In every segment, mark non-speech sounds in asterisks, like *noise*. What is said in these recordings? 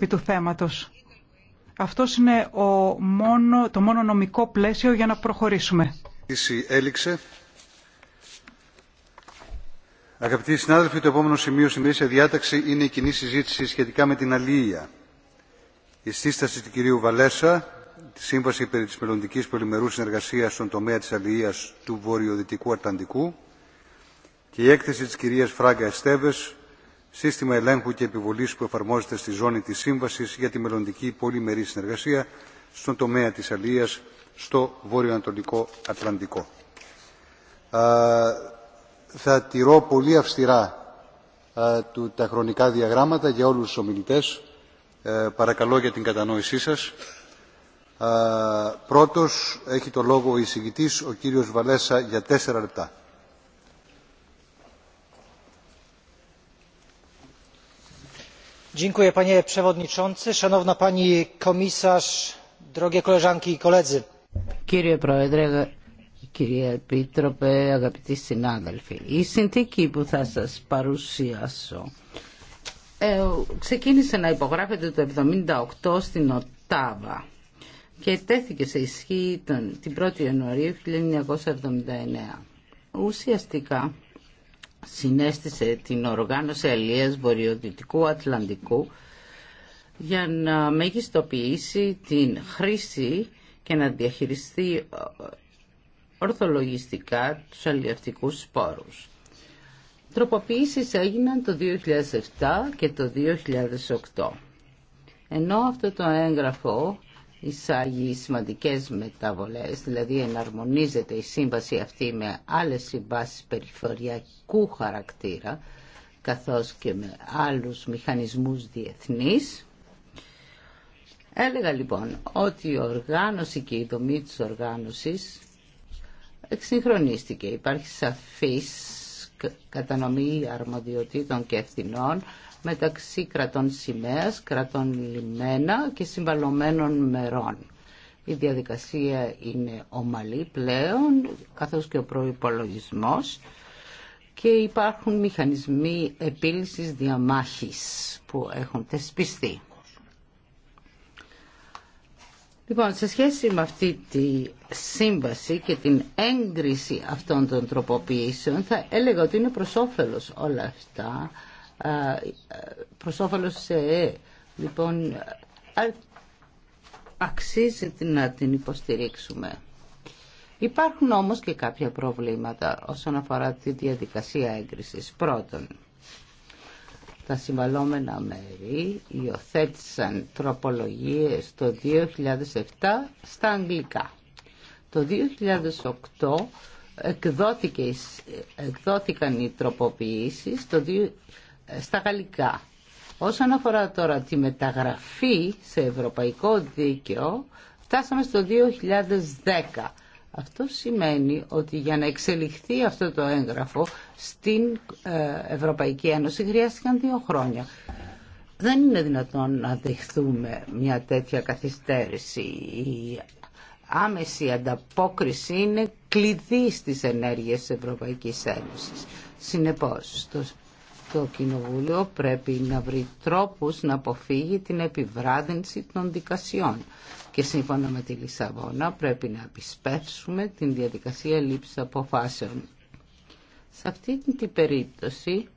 επί του θέματος. Αυτό είναι ο μόνο, το μόνο νομικό πλαίσιο για να προχωρήσουμε. Έληξε. Αγαπητοί συνάδελφοι, το επόμενο σημείο σημείο σε διάταξη είναι η κοινή συζήτηση σχετικά με την αλληλεία. Η σύσταση του κυρίου Βαλέσα, τη Σύμβαση περί της μελλοντικής πολυμερούς συνεργασίας στον τομέα της αλληλείας του Βορειοδυτικού Ατλαντικού και η έκθεση της κυρίας Φράγκα Εστέβες, σύστημα ελέγχου και επιβολής που εφαρμόζεται στη ζώνη της Σύμβασης για τη μελλοντική πολυμερή συνεργασία στον τομέα της αλίας στο βορειοανατολικό Ατλαντικό. θα τηρώ πολύ αυστηρά του, τα χρονικά διαγράμματα για όλους τους ομιλητές. Ε, παρακαλώ για την κατανόησή σας. πρώτος έχει το λόγο ο εισηγητής, ο κύριος Βαλέσα, για τέσσερα λεπτά. panie κύριε πρόεδρε κύριε επίτροπε αγαπητοί συνάδελφοι η συνθήκη που θα σας παρουσιάσω ξεκίνησε να υπογράφεται το 1978 στην Οτάβα και τέθηκε σε ισχύ την 1η Ιανουαρίου 1979. Ουσιαστικά συνέστησε την οργάνωση Αλίας Βορειοδυτικού Ατλαντικού για να μεγιστοποιήσει την χρήση και να διαχειριστεί ε, ορθολογιστικά τους αλλιευτικούς σπόρους. Τροποποιήσεις έγιναν το 2007 και το 2008. Ενώ αυτό το έγγραφο εισάγει σημαντικές μεταβολές, δηλαδή εναρμονίζεται η σύμβαση αυτή με άλλες συμβάσεις περιφοριακού χαρακτήρα, καθώς και με άλλους μηχανισμούς διεθνείς. Έλεγα λοιπόν ότι η οργάνωση και η δομή της οργάνωσης εξυγχρονίστηκε. Υπάρχει σαφής κατανομή αρμοδιοτήτων και ευθυνών μεταξύ κρατών σημαίας, κρατών λιμένα και συμβαλωμένων μερών. Η διαδικασία είναι ομαλή πλέον, καθώς και ο προϋπολογισμός και υπάρχουν μηχανισμοί επίλυσης διαμάχης που έχουν θεσπιστεί. Λοιπόν, σε σχέση με αυτή τη σύμβαση και την έγκριση αυτών των τροποποιήσεων θα έλεγα ότι είναι προς όφελος όλα αυτά προς όφελος ΕΕ. Λοιπόν, αξίζει να την υποστηρίξουμε. Υπάρχουν όμως και κάποια προβλήματα όσον αφορά τη διαδικασία έγκρισης. Πρώτον, τα συμβαλόμενα μέρη υιοθέτησαν τροπολογίες το 2007 στα αγγλικά. Το 2008 εκδόθηκαν οι τροποποιήσεις, το στα γαλλικά. Όσον αφορά τώρα τη μεταγραφή σε ευρωπαϊκό δίκαιο, φτάσαμε στο 2010. Αυτό σημαίνει ότι για να εξελιχθεί αυτό το έγγραφο στην ε, Ευρωπαϊκή Ένωση χρειάστηκαν δύο χρόνια. Δεν είναι δυνατόν να δεχθούμε μια τέτοια καθυστέρηση. Η άμεση ανταπόκριση είναι κλειδί στις ενέργειες της Ευρωπαϊκής Ένωσης. Συνεπώς, το το Κοινοβούλιο πρέπει να βρει τρόπους να αποφύγει την επιβράδυνση των δικασιών και σύμφωνα με τη Λισαβόνα πρέπει να επισπεύσουμε την διαδικασία λήψη αποφάσεων. Σε αυτή την περίπτωση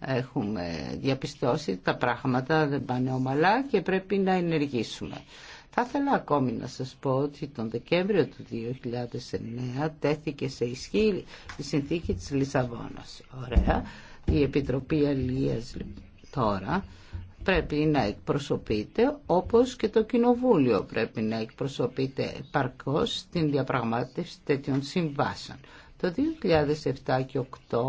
έχουμε διαπιστώσει τα πράγματα δεν πάνε ομαλά και πρέπει να ενεργήσουμε. Θα ήθελα ακόμη να σας πω ότι τον Δεκέμβριο του 2009 τέθηκε σε ισχύ η συνθήκη της Λισαβόνας. Ωραία. Η Επιτροπή Αλίας τώρα πρέπει να εκπροσωπείται όπως και το Κοινοβούλιο πρέπει να εκπροσωπείται παρκώς στην διαπραγμάτευση τέτοιων συμβάσεων. Το 2007 και 2008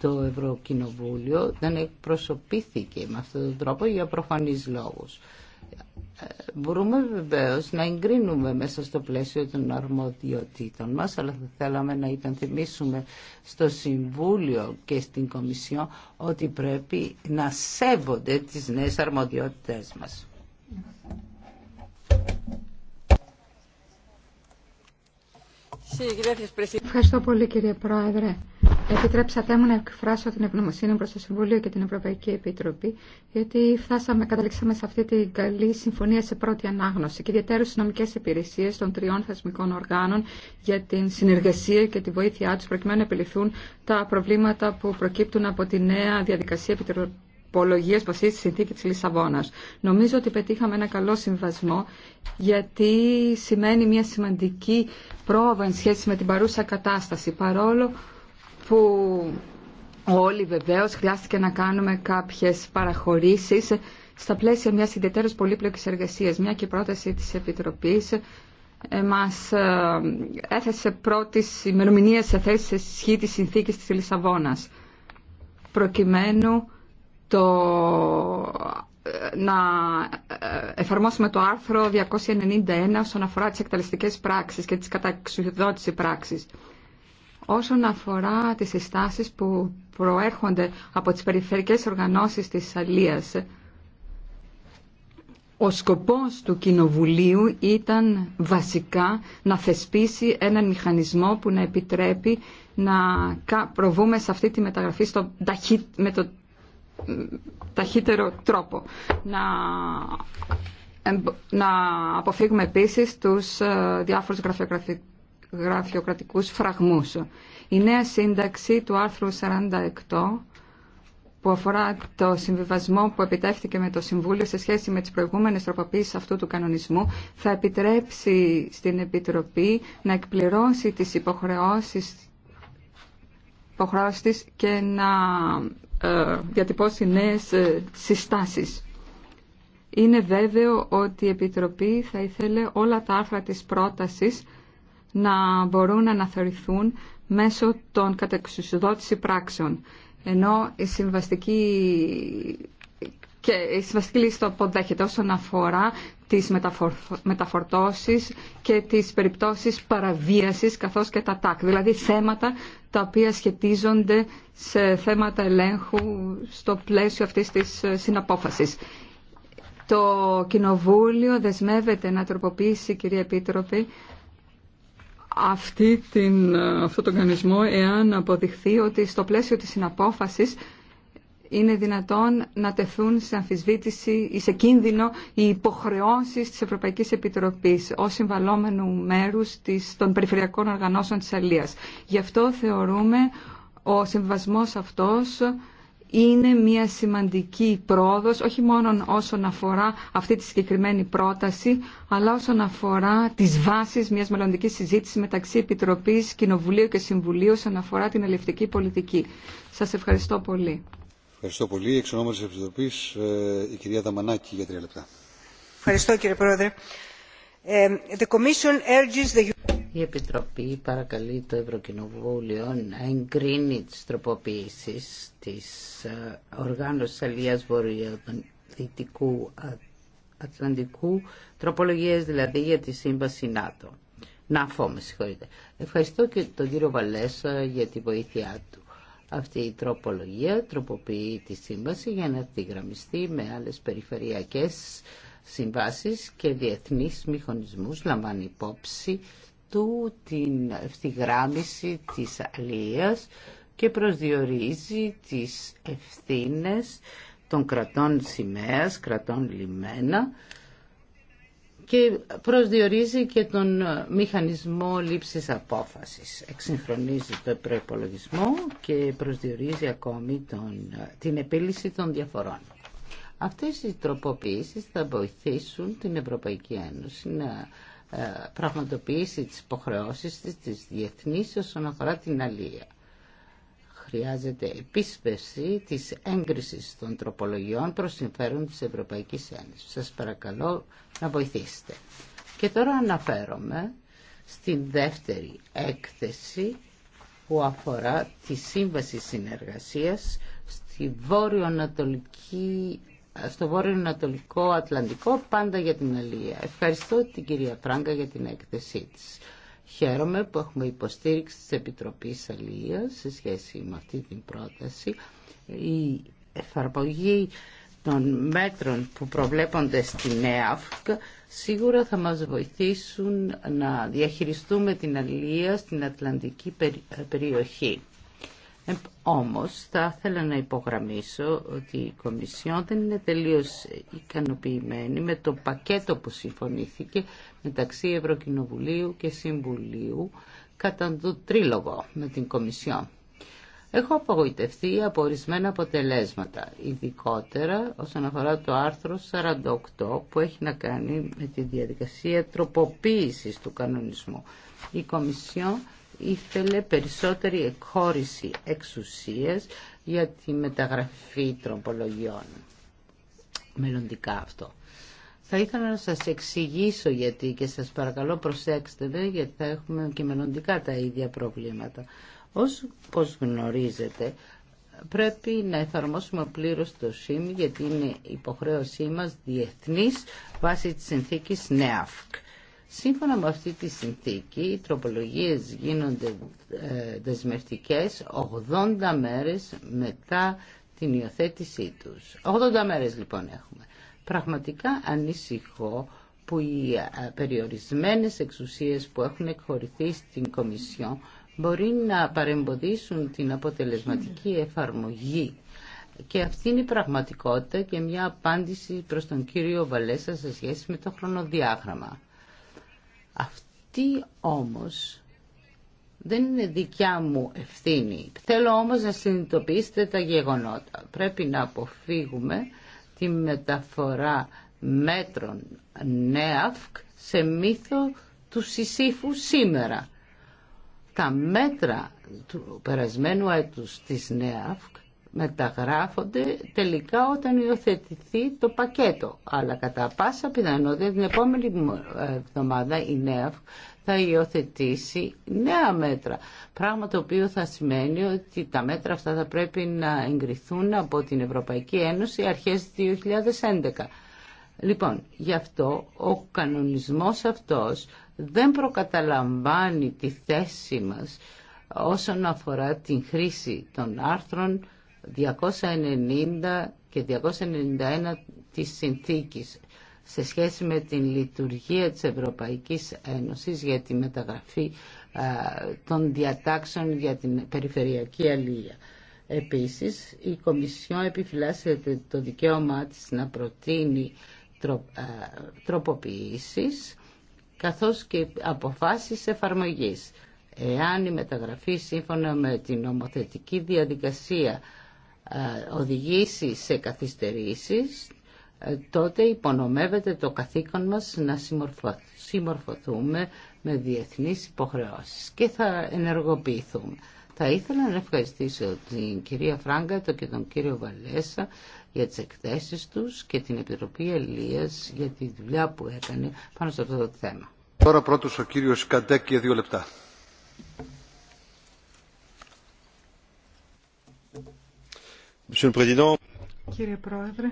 το Ευρωκοινοβούλιο δεν εκπροσωπήθηκε με αυτόν τον τρόπο για προφανείς λόγους. Μπορούμε βεβαίω να εγκρίνουμε μέσα στο πλαίσιο των αρμοδιοτήτων μας, αλλά θα θέλαμε να υπενθυμίσουμε στο Συμβούλιο και στην Κομισιό ότι πρέπει να σέβονται τις νέες αρμοδιότητες μας. Ευχαριστώ πολύ κύριε Πρόεδρε. Επιτρέψατε μου να εκφράσω την ευγνωμοσύνη προ το Συμβούλιο και την Ευρωπαϊκή Επιτροπή, γιατί φτάσαμε, καταλήξαμε σε αυτή την καλή συμφωνία σε πρώτη ανάγνωση και ιδιαίτερω στι νομικέ υπηρεσίε των τριών θεσμικών οργάνων για την συνεργασία και τη βοήθειά του προκειμένου να επιληθούν τα προβλήματα που προκύπτουν από τη νέα διαδικασία επιτροπολογία απολογίε συνθήκη τη Λισαβόνα. Νομίζω ότι πετύχαμε ένα καλό συμβασμό, γιατί σημαίνει μια σημαντική πρόοδο εν σχέση με την παρούσα κατάσταση, παρόλο που όλοι βεβαίω χρειάστηκε να κάνουμε κάποιες παραχωρήσεις στα πλαίσια μιας ιδιαίτερως πολύπλοκης εργασία, Μια και η πρόταση της Επιτροπής ε, μας ε, έθεσε πρώτη ημερομηνία σε θέση σε ισχύ της συνθήκης της Λισαβόνα. προκειμένου το να ε, εφαρμόσουμε το άρθρο 291 όσον αφορά τις εκταλιστικές πράξεις και τις καταξιδότηση πράξεις όσον αφορά τις συστάσεις που προέρχονται από τις περιφερικές οργανώσεις της Αλίας. Ο σκοπός του Κοινοβουλίου ήταν βασικά να θεσπίσει έναν μηχανισμό που να επιτρέπει να προβούμε σε αυτή τη μεταγραφή στο με το ταχύτερο τρόπο. Να, να αποφύγουμε επίσης τους ε, διάφορους γραφειοκρατικούς γραφειοκρατικούς φραγμούς. Η νέα σύνταξη του άρθρου 48 που αφορά το συμβιβασμό που επιτεύχθηκε με το Συμβούλιο σε σχέση με τις προηγούμενες τροποποίησεις αυτού του κανονισμού θα επιτρέψει στην Επιτροπή να εκπληρώσει τις υποχρεώσεις, υποχρεώσεις και να ε, διατυπώσει νέες ε, συστάσεις. Είναι βέβαιο ότι η Επιτροπή θα ήθελε όλα τα άρθρα της πρότασης να μπορούν να αναθεωρηθούν μέσω των κατεξουσιοδότηση πράξεων. Ενώ η συμβαστική και η συμβαστική λύση το αποδέχεται όσον αφορά τις μεταφορτώσεις και τις περιπτώσεις παραβίασης καθώς και τα τάκ, δηλαδή θέματα τα οποία σχετίζονται σε θέματα ελέγχου στο πλαίσιο αυτής της ε, συναπόφασης. Το Κοινοβούλιο δεσμεύεται να τροποποιήσει, κυρία Επίτροπη, αυτή την, αυτό τον κανονισμό εάν αποδειχθεί ότι στο πλαίσιο της συναπόφασης είναι δυνατόν να τεθούν σε αμφισβήτηση ή σε κίνδυνο οι υποχρεώσεις της Ευρωπαϊκής Επιτροπής ως συμβαλόμενου μέρους της, των περιφερειακών οργανώσεων της Αλίας. Γι' αυτό θεωρούμε ο συμβασμός αυτός είναι μια σημαντική πρόοδος όχι μόνο όσον αφορά αυτή τη συγκεκριμένη πρόταση αλλά όσον αφορά τις βάσεις μιας μελλοντική συζήτησης μεταξύ Επιτροπής, Κοινοβουλίου και Συμβουλίου όσον αφορά την ελευθερική πολιτική. Σας ευχαριστώ πολύ. Ευχαριστώ πολύ. Εξ Επιτροπής, ε, η κυρία Δαμανάκη για τρία λεπτά. Ευχαριστώ κύριε Πρόεδρε. Ε, the Commission urges η Επιτροπή παρακαλεί το Ευρωκοινοβούλιο να εγκρίνει τι τροποποιήσει της ε, οργάνωση αλληλείας βορειοδυτικού Ατλαντικού, τρόπολογίε δηλαδή για τη Σύμβαση ΝΑΤΟ. ΝΑΦΟ, με συγχωρείτε. Ευχαριστώ και τον κύριο Βαλέσα για τη βοήθειά του. Αυτή η τροπολογία τροποποιεί τη σύμβαση για να γραμμιστεί με άλλες περιφερειακές συμβάσεις και διεθνείς μηχανισμούς λαμβάνει υπόψη του την ευθυγράμμιση της αλίας και προσδιορίζει τις ευθύνες των κρατών σημαίας, κρατών λιμένα και προσδιορίζει και τον μηχανισμό λήψης απόφασης. Εξυγχρονίζει το προϋπολογισμό και προσδιορίζει ακόμη τον, την επίλυση των διαφορών. Αυτές οι τροποποιήσεις θα βοηθήσουν την Ευρωπαϊκή Ένωση να ε, πραγματοποιήσει της υποχρεώσει της, της διεθνής όσον αφορά την αλλία. Χρειάζεται επίσπευση της έγκρισης των τροπολογιών προς συμφέρον της Ευρωπαϊκής Ένωσης. Σας παρακαλώ να βοηθήσετε. Και τώρα αναφέρομαι στην δεύτερη έκθεση που αφορά τη Σύμβαση Συνεργασίας στη Βόρειο-Ανατολική στο βόρειο-ανατολικό Ατλαντικό πάντα για την Αλία. Ευχαριστώ την κυρία Φράγκα για την έκθεσή της. Χαίρομαι που έχουμε υποστήριξη της Επιτροπής Αλίας σε σχέση με αυτή την πρόταση. Η εφαρμογή των μέτρων που προβλέπονται στην ΕΑΦΚ σίγουρα θα μας βοηθήσουν να διαχειριστούμε την αλία στην Ατλαντική περιοχή. Ε, όμως θα ήθελα να υπογραμμίσω ότι η Κομισιόν δεν είναι τελείως ικανοποιημένη με το πακέτο που συμφωνήθηκε μεταξύ Ευρωκοινοβουλίου και Συμβουλίου κατά το τρίλογο με την Κομισιόν. Έχω απογοητευτεί από ορισμένα αποτελέσματα, ειδικότερα όσον αφορά το άρθρο 48 που έχει να κάνει με τη διαδικασία τροποποίησης του κανονισμού. Η Κομισιόν ήθελε περισσότερη εκχώρηση εξουσίες για τη μεταγραφή τροπολογιών. Μελλοντικά αυτό. Θα ήθελα να σας εξηγήσω γιατί και σας παρακαλώ προσέξτε δε, γιατί θα έχουμε και μελλοντικά τα ίδια προβλήματα. Ως, πώς γνωρίζετε, πρέπει να εφαρμόσουμε πλήρως το ΣΥΜ γιατί είναι υποχρέωσή μας διεθνής βάσει της συνθήκης ΝΕΑΦΚ. Σύμφωνα με αυτή τη συνθήκη, οι τροπολογίες γίνονται ε, δεσμευτικές 80 μέρες μετά την υιοθέτησή τους. 80 μέρες λοιπόν έχουμε. Πραγματικά ανησυχώ που οι ε, περιορισμένες εξουσίες που έχουν εκχωρηθεί στην Κομισιόν μπορεί να παρεμποδίσουν την αποτελεσματική εφαρμογή. Και αυτή είναι η πραγματικότητα και μια απάντηση προς τον κύριο Βαλέσα σε σχέση με το χρονοδιάγραμμα. Αυτή όμως δεν είναι δικιά μου ευθύνη. Θέλω όμως να συνειδητοποιήσετε τα γεγονότα. Πρέπει να αποφύγουμε τη μεταφορά μέτρων ΝΕΑΦΚ σε μύθο του Σισίφου σήμερα. Τα μέτρα του περασμένου έτους της ΝΕΑΦΚ μεταγράφονται τελικά όταν υιοθετηθεί το πακέτο. Αλλά κατά πάσα πιθανότητα την επόμενη εβδομάδα η ΝΕΑΦ θα υιοθετήσει νέα μέτρα. Πράγμα το οποίο θα σημαίνει ότι τα μέτρα αυτά θα πρέπει να εγκριθούν από την Ευρωπαϊκή Ένωση αρχές 2011. Λοιπόν, γι' αυτό ο κανονισμός αυτός δεν προκαταλαμβάνει τη θέση μας όσον αφορά την χρήση των άρθρων 290 και 291 της συνθήκης σε σχέση με την λειτουργία της Ευρωπαϊκής Ένωσης για τη μεταγραφή των διατάξεων για την περιφερειακή αλληλεία. Επίσης, η Κομισιό επιφυλάσσεται το δικαίωμά της να προτείνει τροποποιήσεις καθώς και αποφάσεις εφαρμογής. Εάν η μεταγραφή σύμφωνα με την νομοθετική διαδικασία ε, οδηγήσει σε καθυστερήσεις, ε, τότε υπονομεύεται το καθήκον μας να συμμορφωθούμε με διεθνείς υποχρεώσεις και θα ενεργοποιηθούμε. Θα ήθελα να ευχαριστήσω την κυρία Φράγκα και τον κύριο Βαλέσα για τις εκθέσεις τους και την Επιτροπή Ελίας για τη δουλειά που έκανε πάνω σε αυτό το θέμα. Τώρα πρώτος ο κύριος Καντέκ για δύο λεπτά. Κύριε Πρόεδρε,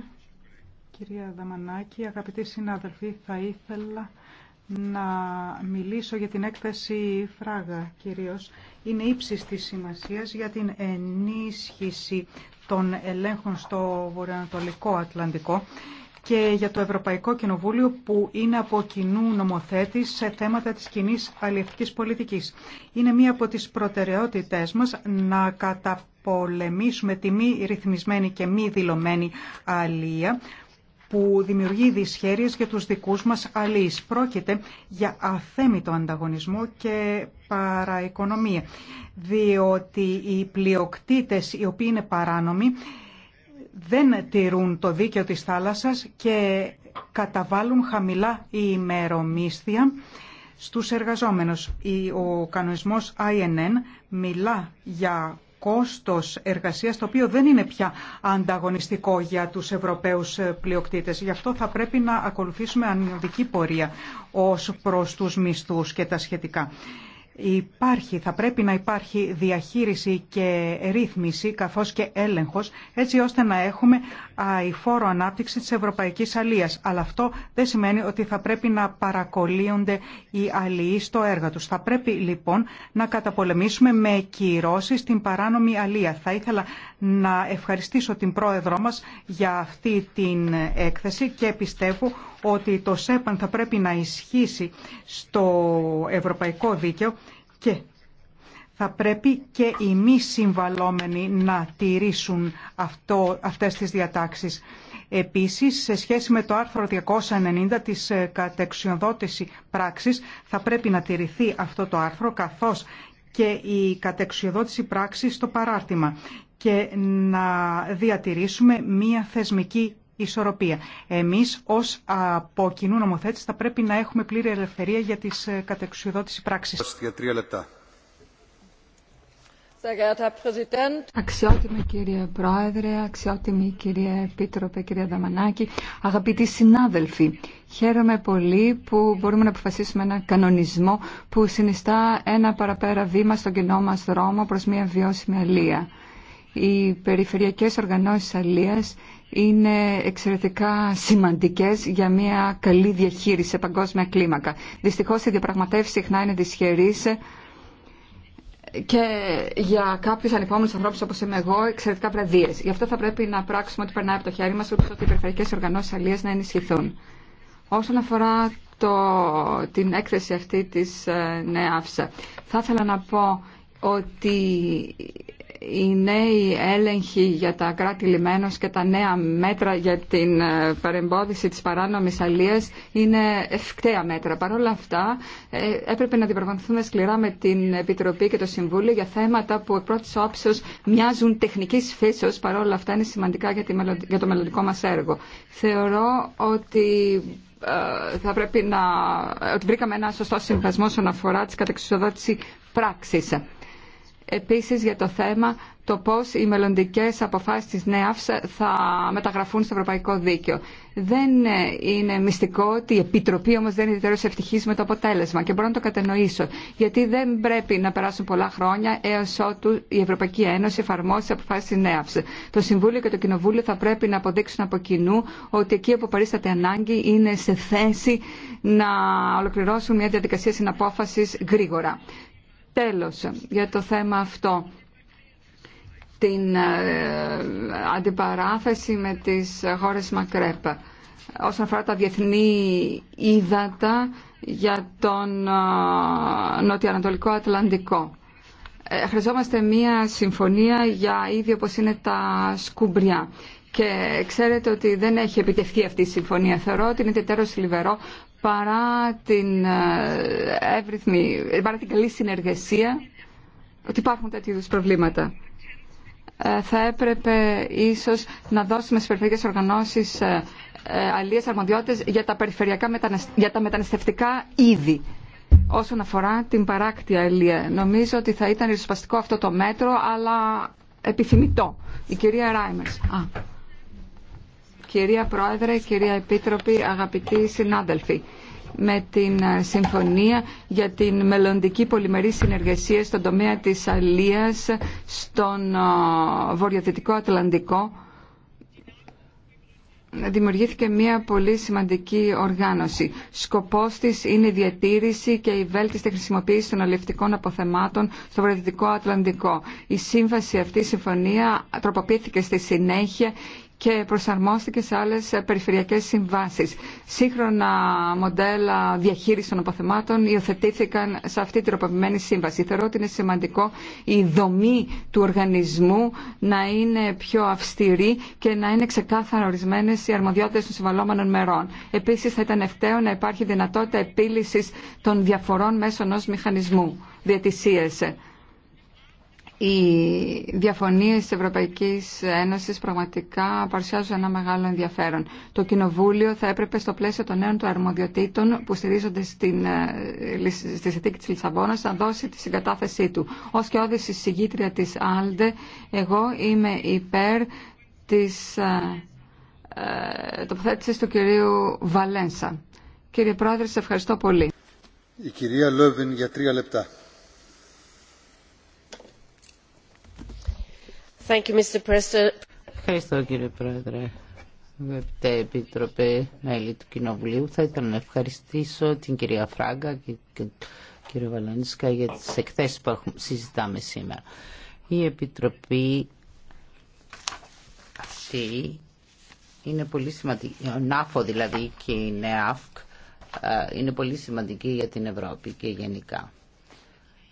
κυρία Δαμανάκη, αγαπητοί συνάδελφοι, θα ήθελα να μιλήσω για την έκθεση Φράγα κυρίως. Είναι ύψης της σημασίας για την ενίσχυση των ελέγχων στο βορειοανατολικό Ατλαντικό και για το Ευρωπαϊκό Κοινοβούλιο που είναι από κοινού νομοθέτης σε θέματα της κοινή αλληλευτικής πολιτικής. Είναι μία από τις προτεραιότητές μας να καταπολεμήσουμε τη μη ρυθμισμένη και μη δηλωμένη αλία που δημιουργεί δυσχέρειες για τους δικούς μας αλληλείς. Πρόκειται για αθέμητο ανταγωνισμό και παραοικονομία, διότι οι πλειοκτήτες οι οποίοι είναι παράνομοι δεν τηρούν το δίκαιο της θάλασσας και καταβάλουν χαμηλά η ημερομίσθια στους εργαζόμενους. Ο κανονισμός INN μιλά για κόστος εργασίας το οποίο δεν είναι πια ανταγωνιστικό για τους Ευρωπαίους πλειοκτήτες. Γι' αυτό θα πρέπει να ακολουθήσουμε ανωδική πορεία ως προς τους μισθούς και τα σχετικά. Υπάρχει, θα πρέπει να υπάρχει διαχείριση και ρύθμιση καθώς και έλεγχος έτσι ώστε να έχουμε αηφόρο ανάπτυξη της ευρωπαϊκής αλίας. Αλλά αυτό δεν σημαίνει ότι θα πρέπει να παρακολύονται οι αλληλεί στο έργο τους. Θα πρέπει λοιπόν να καταπολεμήσουμε με κυρώσει την παράνομη αλία. Θα ήθελα να ευχαριστήσω την πρόεδρό μας για αυτή την έκθεση και πιστεύω ότι το ΣΕΠΑΝ θα πρέπει να ισχύσει στο ευρωπαϊκό δίκαιο και θα πρέπει και οι μη συμβαλόμενοι να τηρήσουν αυτό, αυτές τις διατάξεις. Επίσης, σε σχέση με το άρθρο 290 της ε, κατεξιοδότηση πράξης, θα πρέπει να τηρηθεί αυτό το άρθρο, καθώς και η κατεξιοδότηση πράξης στο παράρτημα και να διατηρήσουμε μία θεσμική ισορροπία. Εμείς ως από κοινού νομοθέτης θα πρέπει να έχουμε πλήρη ελευθερία για τι ε, κατεξουσιοδότηση πράξη. Αξιότιμη κύριε Πρόεδρε, αξιότιμη κυρία Επίτροπε, κυρία Δαμανάκη, αγαπητοί συνάδελφοι, χαίρομαι πολύ που μπορούμε να αποφασίσουμε ένα κανονισμό που συνιστά ένα παραπέρα βήμα στον κοινό μας δρόμο προς μια βιώσιμη αλεία. Οι περιφερειακές οργανώσεις αλείας είναι εξαιρετικά σημαντικές για μια καλή διαχείριση σε παγκόσμια κλίμακα. Δυστυχώς οι διαπραγματεύσεις συχνά είναι δυσχερείς και για κάποιου ανυπόμενου ανθρώπου όπω είμαι εγώ, εξαιρετικά βραδίε. Γι' αυτό θα πρέπει να πράξουμε ό,τι περνάει από το χέρι μα, ούτω ώστε οι περιφερειακές οργανώσεις αλλία να ενισχυθούν. Όσον αφορά το, την έκθεση αυτή τη ε, ΝΕΑΦΣΑ, θα ήθελα να πω ότι οι νέοι έλεγχοι για τα κράτη λιμένος και τα νέα μέτρα για την ε, παρεμπόδιση της παράνομης αλίας είναι ευκταία μέτρα. Παρ' όλα αυτά ε, έπρεπε να διαπραγματευτούμε σκληρά με την Επιτροπή και το Συμβούλιο για θέματα που εκ πρώτης όψεως μοιάζουν τεχνικής φύσεως, παρόλα αυτά είναι σημαντικά για το μελλοντικό μας έργο. Θεωρώ ότι ε, θα πρέπει να... βρήκαμε ένα σωστό συμβασμό όσον αφορά τη κατεξοδότηση πράξης επίσης για το θέμα το πώς οι μελλοντικές αποφάσεις της ΝΕΑΦΣ θα μεταγραφούν στο Ευρωπαϊκό Δίκαιο. Δεν είναι μυστικό ότι η Επιτροπή όμως δεν είναι ιδιαίτερως ευτυχής με το αποτέλεσμα και μπορώ να το κατανοήσω, γιατί δεν πρέπει να περάσουν πολλά χρόνια έως ότου η Ευρωπαϊκή Ένωση εφαρμόσει τις αποφάσεις της ΝΕΑΦΣ. Το Συμβούλιο και το Κοινοβούλιο θα πρέπει να αποδείξουν από κοινού ότι εκεί όπου παρίσταται ανάγκη είναι σε θέση να ολοκληρώσουν μια διαδικασία συναπόφασης γρήγορα. Τέλος, για το θέμα αυτό την ε, αντιπαράθεση με τις χώρες Μακρέπ όσον αφορά τα διεθνή ύδατα για τον ε, νοτιοανατολικό Ατλαντικό. Ε, χρειαζόμαστε μία συμφωνία για ίδιο όπως είναι τα σκουμπριά. Και ξέρετε ότι δεν έχει επιτευχθεί αυτή η συμφωνία. Θεωρώ ότι είναι τετέρως λιβερό παρά την ε, εύρυθμη, παρά την καλή συνεργασία ότι υπάρχουν τέτοιου είδους προβλήματα. Ε, θα έπρεπε ίσως να δώσουμε στις περιφερειακές οργανώσεις ε, αλλίες αρμοδιότητες για τα, περιφερειακά για τα μεταναστευτικά είδη όσον αφορά την παράκτια αλλία. Νομίζω ότι θα ήταν ριζοσπαστικό αυτό το μέτρο, αλλά επιθυμητό. Η κυρία Κυρία Πρόεδρε, κυρία Επίτροπη, αγαπητοί συνάδελφοι με την ε, συμφωνία για την μελλοντική πολυμερή συνεργασία στον τομέα της αλίας στον ε, βορειοδυτικό Ατλαντικό δημιουργήθηκε μια πολύ σημαντική οργάνωση. Σκοπός της είναι η διατήρηση και η βέλτιστη χρησιμοποίηση των αλληλευτικών αποθεμάτων στο Βορειοδυτικό Ατλαντικό. Η σύμβαση αυτή, η συμφωνία, τροποποιήθηκε στη συνέχεια και προσαρμόστηκε σε άλλες περιφερειακές συμβάσεις. Σύγχρονα μοντέλα διαχείρισης των αποθεμάτων υιοθετήθηκαν σε αυτή την τροποποιημένη σύμβαση. Θεωρώ ότι είναι σημαντικό η δομή του οργανισμού να είναι πιο αυστηρή και να είναι ξεκάθαρα ορισμένε οι αρμοδιότητες των συμβαλόμενων μερών. Επίσης θα ήταν ευταίο να υπάρχει δυνατότητα επίλυσης των διαφορών μέσω ενός μηχανισμού διαιτησίες οι διαφωνίες της Ευρωπαϊκής Ένωσης πραγματικά παρουσιάζουν ένα μεγάλο ενδιαφέρον. Το Κοινοβούλιο θα έπρεπε στο πλαίσιο των νέων του αρμοδιοτήτων που στηρίζονται στην, ε, στη συνθήκη της Λισαβόνας να δώσει τη συγκατάθεσή του. Ως και όδηση συγγήτρια της Άλντε, εγώ είμαι υπέρ της τοποθέτηση ε, ε, τοποθέτησης του κυρίου Βαλένσα. Κύριε Πρόεδρε, σε ευχαριστώ πολύ. Η κυρία Λόβιν για τρία λεπτά. Ευχαριστώ κύριε Πρόεδρε. Αγαπητέ Επίτροπε, μέλη του Κοινοβουλίου, θα ήθελα να ευχαριστήσω την κυρία Φράγκα και τον κύριο Βαλανίσκα για τις εκθέσεις που συζητάμε σήμερα. Η Επιτροπή αυτή είναι πολύ σημαντική, ο ΝΑΦΟ δηλαδή και η ΝΕΑΦΚ είναι πολύ σημαντική για την Ευρώπη και γενικά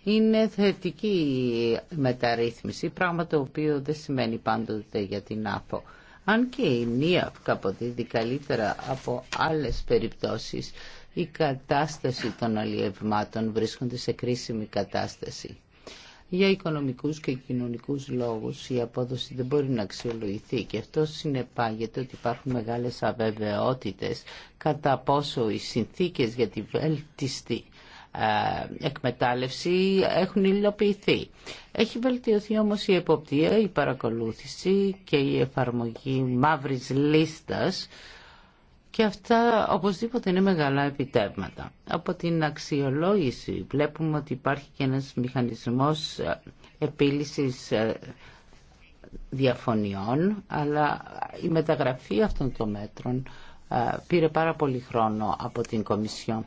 είναι θετική μεταρρύθμιση, πράγμα το οποίο δεν σημαίνει πάντοτε για την ΑΠΟ. Αν και η ΝΙΑΦ καποδίδει καλύτερα από άλλες περιπτώσεις, η κατάσταση των αλλιευμάτων βρίσκονται σε κρίσιμη κατάσταση. Για οικονομικούς και κοινωνικούς λόγους η απόδοση δεν μπορεί να αξιολογηθεί και αυτό συνεπάγεται ότι υπάρχουν μεγάλες αβεβαιότητες κατά πόσο οι συνθήκες για τη βέλτιστη ε, εκμετάλλευση έχουν υλοποιηθεί. Έχει βελτιωθεί όμως η εποπτεία, η παρακολούθηση και η εφαρμογή μαύρης λίστας και αυτά οπωσδήποτε είναι μεγάλα επιτεύγματα. Από την αξιολόγηση βλέπουμε ότι υπάρχει και ένας μηχανισμός ε, επίλυσης ε, διαφωνιών, αλλά η μεταγραφή αυτών των μέτρων πήρε πάρα πολύ χρόνο από την Κομισιόν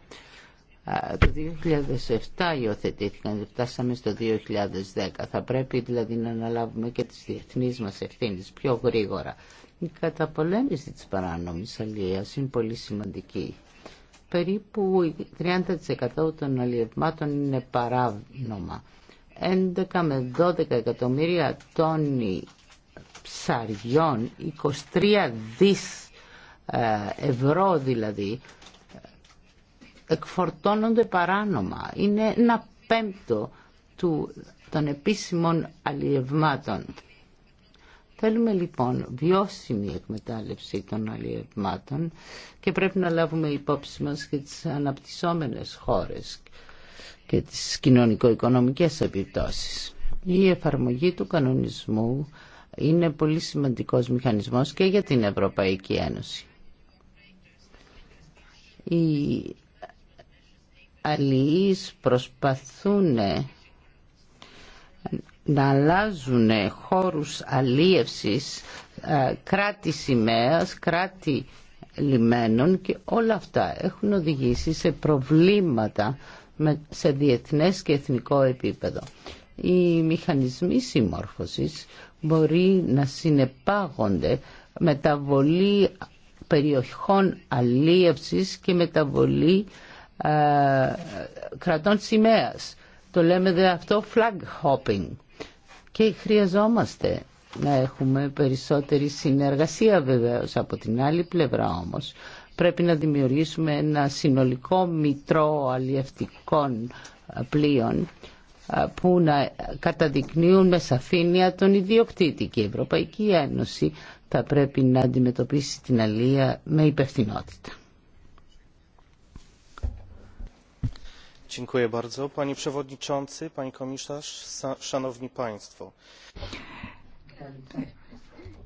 το 2007 υιοθετήθηκαν, φτάσαμε στο 2010. Θα πρέπει δηλαδή να αναλάβουμε και τις διεθνείς μας ευθύνες πιο γρήγορα. Η καταπολέμηση της παράνομης αλληλεία είναι πολύ σημαντική. Περίπου 30% των αλλιευμάτων είναι παράνομα. 11 με 12 εκατομμύρια τόνοι ψαριών, 23 δις ε, ευρώ δηλαδή, εκφορτώνονται παράνομα. Είναι ένα πέμπτο του, των επίσημων αλλιευμάτων. Θέλουμε λοιπόν βιώσιμη εκμετάλλευση των αλλιευμάτων και πρέπει να λάβουμε υπόψη μας και τις αναπτυσσόμενες χώρες και τις κοινωνικο-οικονομικές επιπτώσεις. Η εφαρμογή του κανονισμού είναι πολύ σημαντικός μηχανισμός και για την Ευρωπαϊκή Ένωση. Η αλληλείς προσπαθούν να αλλάζουν χώρους αλίευσης, ε, κράτη σημαίας, κράτη λιμένων και όλα αυτά έχουν οδηγήσει σε προβλήματα σε διεθνές και εθνικό επίπεδο. Οι μηχανισμοί συμμόρφωσης μπορεί να συνεπάγονται μεταβολή περιοχών αλίευσης και μεταβολή ε, κρατών σημαίας. Το λέμε δε αυτό flag hopping. Και χρειαζόμαστε να έχουμε περισσότερη συνεργασία βεβαίως. Από την άλλη πλευρά όμως πρέπει να δημιουργήσουμε ένα συνολικό μητρό αλλιευτικών ε, πλοίων ε, που να καταδεικνύουν με σαφήνεια τον ιδιοκτήτη και η Ευρωπαϊκή Ένωση θα πρέπει να αντιμετωπίσει την αλία με υπευθυνότητα. Panie Przewodniczący, Pani Komisarz, Szanowni Państwo.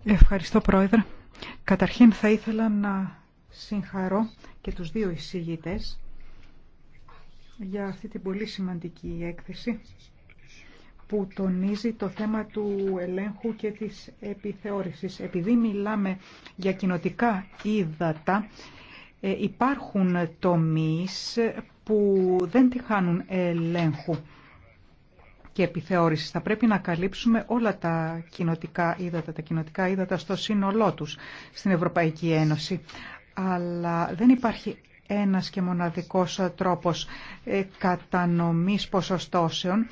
Ευχαριστώ Πρόεδρε. Καταρχήν θα ήθελα να συγχαρώ και τους δύο εισηγητές για αυτή την πολύ σημαντική έκθεση που τονίζει το θέμα του ελέγχου και της επιθεώρησης. Επειδή μιλάμε για κοινοτικά ύδατα, ε, υπάρχουν τομείς που δεν τη χάνουν ελέγχου και επιθεώρησης. Θα πρέπει να καλύψουμε όλα τα κοινοτικά ύδατα, τα κοινοτικά ύδατα στο σύνολό τους στην Ευρωπαϊκή Ένωση. Αλλά δεν υπάρχει ένας και μοναδικός τρόπος ε, κατανομής ποσοστώσεων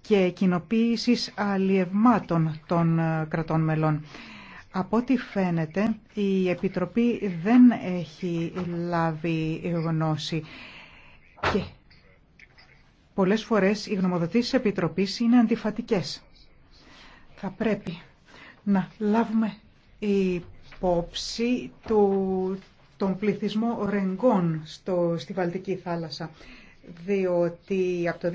και κοινοποίησης αλλιευμάτων των ε, κρατών μελών. Από ό,τι φαίνεται, η Επιτροπή δεν έχει λάβει γνώση. Και πολλές φορές οι γνωμοδοτήσεις Επιτροπής είναι αντιφατικές. Θα πρέπει να λάβουμε υπόψη του, τον πληθυσμό ρεγκών στο, στη Βαλτική θάλασσα διότι από το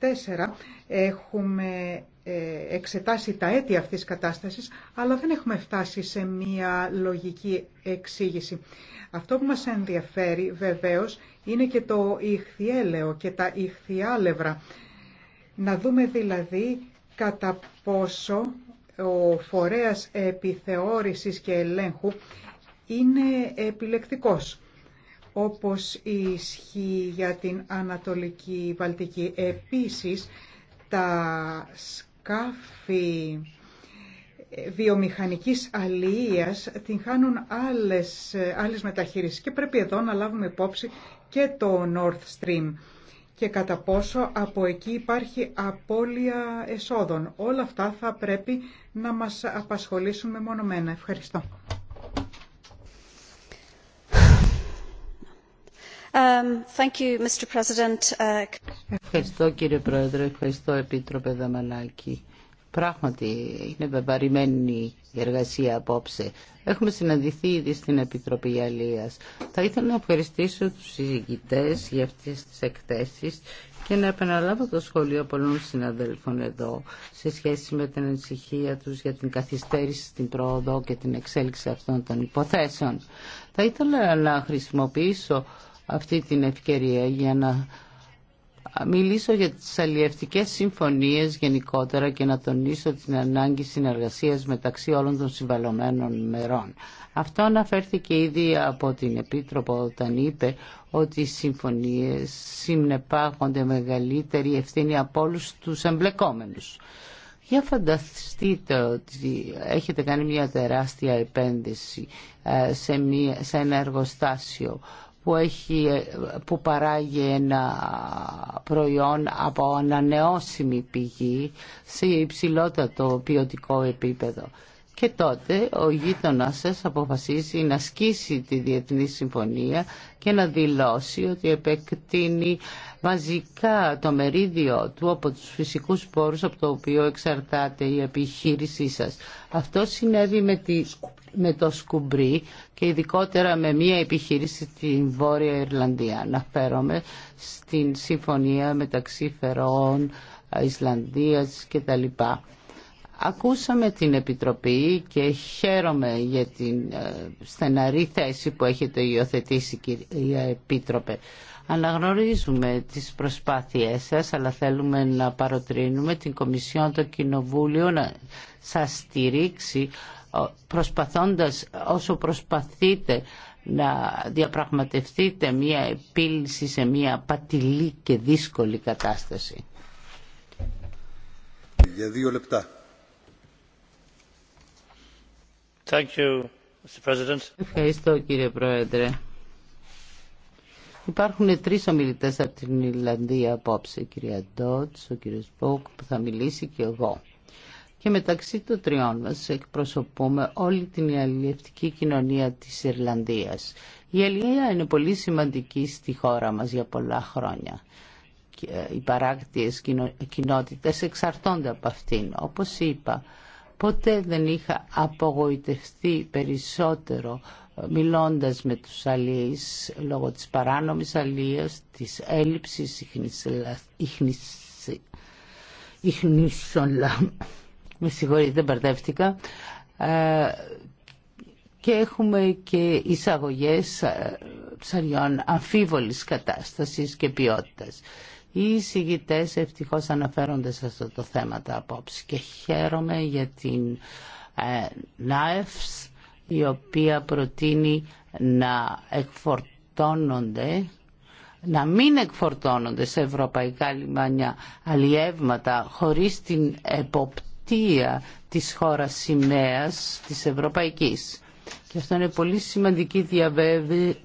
2004 έχουμε ε, εξετάσει τα αίτια αυτής της κατάστασης, αλλά δεν έχουμε φτάσει σε μία λογική εξήγηση. Αυτό που μας ενδιαφέρει βεβαίως είναι και το ηχθιέλεο και τα ηχθιάλευρα. Να δούμε δηλαδή κατά πόσο ο φορέας επιθεώρησης και ελέγχου είναι επιλεκτικός όπως ισχύει για την Ανατολική Βαλτική. Επίσης, τα σκάφη ε, βιομηχανικής αλίας την χάνουν άλλες, ε, άλλες μεταχείρισεις και πρέπει εδώ να λάβουμε υπόψη και το North Stream και κατά πόσο από εκεί υπάρχει απώλεια εσόδων. Όλα αυτά θα πρέπει να μας απασχολήσουν μεμονωμένα. Ευχαριστώ. Um, Mr. President. Uh, ευχαριστώ κύριε Πρόεδρε, ευχαριστώ Επίτροπε Δαμανάκη. Πράγματι είναι βεβαρημένη η εργασία απόψε. Έχουμε συναντηθεί ήδη στην Επιτροπή Αλίας. Θα ήθελα να ευχαριστήσω τους συζητητές για αυτές τις εκθέσεις και να επαναλάβω το σχολείο πολλών συναδέλφων εδώ σε σχέση με την ανησυχία τους για την καθυστέρηση στην πρόοδο και την εξέλιξη αυτών των υποθέσεων. Θα ήθελα να χρησιμοποιήσω αυτή την ευκαιρία για να μιλήσω για τις αλλιευτικές συμφωνίες γενικότερα και να τονίσω την ανάγκη συνεργασίας μεταξύ όλων των συμβαλωμένων μερών. Αυτό αναφέρθηκε ήδη από την Επίτροπο όταν είπε ότι οι συμφωνίες συμνεπάγονται μεγαλύτερη ευθύνη από όλους τους εμπλεκόμενους. Για φανταστείτε ότι έχετε κάνει μια τεράστια επένδυση ε, σε, σε ένα εργοστάσιο που, έχει, που παράγει ένα προϊόν από ανανεώσιμη πηγή σε υψηλότατο ποιοτικό επίπεδο και τότε ο γείτονα σα αποφασίζει να σκίσει τη Διεθνή Συμφωνία και να δηλώσει ότι επεκτείνει μαζικά το μερίδιο του από τους φυσικούς πόρους από το οποίο εξαρτάται η επιχείρησή σας. Αυτό συνέβη με, τη, με το σκουμπρί και ειδικότερα με μια επιχείρηση στην Βόρεια Ιρλανδία. Αναφέρομαι στην συμφωνία μεταξύ Φερών, Ισλανδίας κτλ. Ακούσαμε την Επιτροπή και χαίρομαι για την ε, στεναρή θέση που έχετε υιοθετήσει κυρία Επίτροπε. Αναγνωρίζουμε τις προσπάθειές σας, αλλά θέλουμε να παροτρύνουμε την Κομισιόν, το Κοινοβούλιο να σας στηρίξει προσπαθώντας όσο προσπαθείτε να διαπραγματευτείτε μία επίλυση σε μία πατηλή και δύσκολη κατάσταση. Για λεπτά. Ευχαριστώ κύριε Πρόεδρε. Υπάρχουν τρεις ομιλητές από την Ιρλανδία απόψε, κυρία Ντότς, ο κύριος Μπόκ που θα μιλήσει και εγώ. Και μεταξύ των τριών μας εκπροσωπούμε όλη την αλληλευτική κοινωνία της Ιρλανδίας. Η αλληλεία είναι πολύ σημαντική στη χώρα μας για πολλά χρόνια. οι παράκτιες κοινότητες εξαρτώνται από αυτήν. Όπως είπα, Ποτέ δεν είχα απογοητευτεί περισσότερο ε, μιλώντας με τους αλλιείς λόγω της παράνομης αλλίας, της έλλειψης ιχνήσεων με συγχωρείτε δεν μπερδεύτηκα ε, και έχουμε και εισαγωγές ε, ψαριών αμφίβολης κατάστασης και ποιότητας. Οι εισηγητές ευτυχώ αναφέρονται σε αυτό το θέμα τα απόψη και χαίρομαι για την ε, ΝΑΕΦΣ η οποία προτείνει να εκφορτώνονται να μην εκφορτώνονται σε ευρωπαϊκά λιμάνια αλλιεύματα χωρίς την εποπτεία της χώρας σημαία της Ευρωπαϊκής. Και αυτό είναι πολύ σημαντική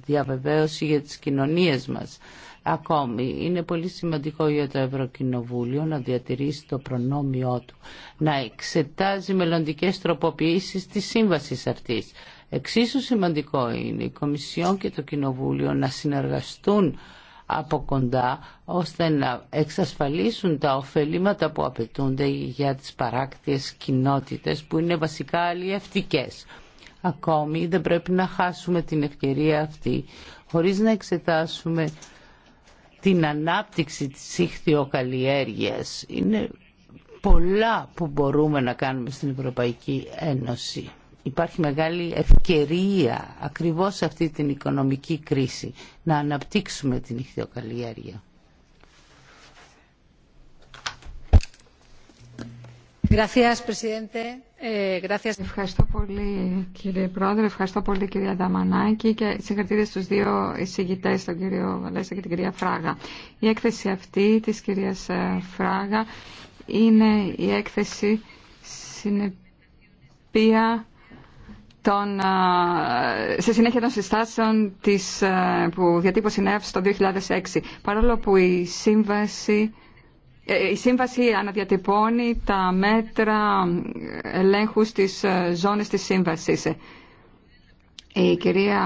διαβεβαίωση για τις κοινωνίες μας ακόμη. Είναι πολύ σημαντικό για το Ευρωκοινοβούλιο να διατηρήσει το προνόμιό του, να εξετάζει μελλοντικέ τροποποιήσεις της σύμβασης αυτής. Εξίσου σημαντικό είναι η Κομισιόν και το Κοινοβούλιο να συνεργαστούν από κοντά ώστε να εξασφαλίσουν τα ωφελήματα που απαιτούνται για τις παράκτιες κοινότητες που είναι βασικά αλλιευτικές. Ακόμη δεν πρέπει να χάσουμε την ευκαιρία αυτή χωρίς να εξετάσουμε την ανάπτυξη της ηχθειοκαλλιέργειας. Είναι πολλά που μπορούμε να κάνουμε στην Ευρωπαϊκή Ένωση. Υπάρχει μεγάλη ευκαιρία ακριβώς σε αυτή την οικονομική κρίση να αναπτύξουμε την ηχθειοκαλλιέργεια. Gracias, presidente. Ε, ευχαριστώ πολύ κύριε Πρόεδρε, ευχαριστώ πολύ κυρία Δαμανάκη και συγχαρητήρια στους δύο εισηγητές, τον κύριο Βαλέστα και την κυρία Φράγα. Η έκθεση αυτή της κυρίας ε, Φράγα είναι η έκθεση συνεπία των, ε, σε συνέχεια των συστάσεων της, που διατύπωσε η ΝΕΑΦ το 2006. Παρόλο που η σύμβαση ε, η Σύμβαση αναδιατυπώνει τα μέτρα ελέγχου στις ε, ζώνες της Σύμβασης. Η κυρία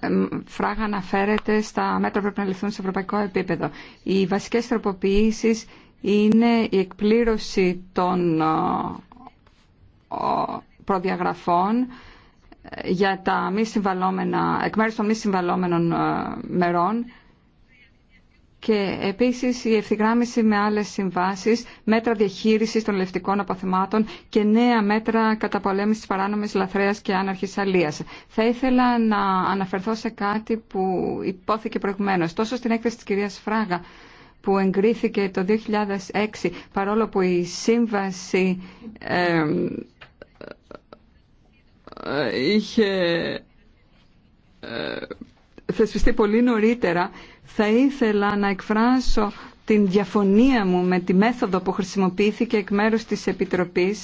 ε, Φράγα αναφέρεται στα μέτρα που πρέπει να ληφθούν σε ευρωπαϊκό επίπεδο. Οι βασικές τροποποιήσεις είναι η εκπλήρωση των προδιαγραφών για τα μη συμβαλόμενα, εκ μέρους των μη συμβαλόμενων μερών και επίσης η ευθυγράμμιση με άλλες συμβάσεις, μέτρα διαχείρισης των λευτικών αποθεμάτων και νέα μέτρα κατά καταπολέμησης της παράνομης λαθρέας και άναρχης αλίας. Θα ήθελα να αναφερθώ σε κάτι που υπόθηκε προηγουμένως, τόσο στην έκθεση της κυρίας Φράγα που εγκρίθηκε το 2006, παρόλο που η σύμβαση ε, είχε ε, θεσπιστεί πολύ νωρίτερα θα ήθελα να εκφράσω την διαφωνία μου με τη μέθοδο που χρησιμοποιήθηκε εκ μέρους της Επιτροπής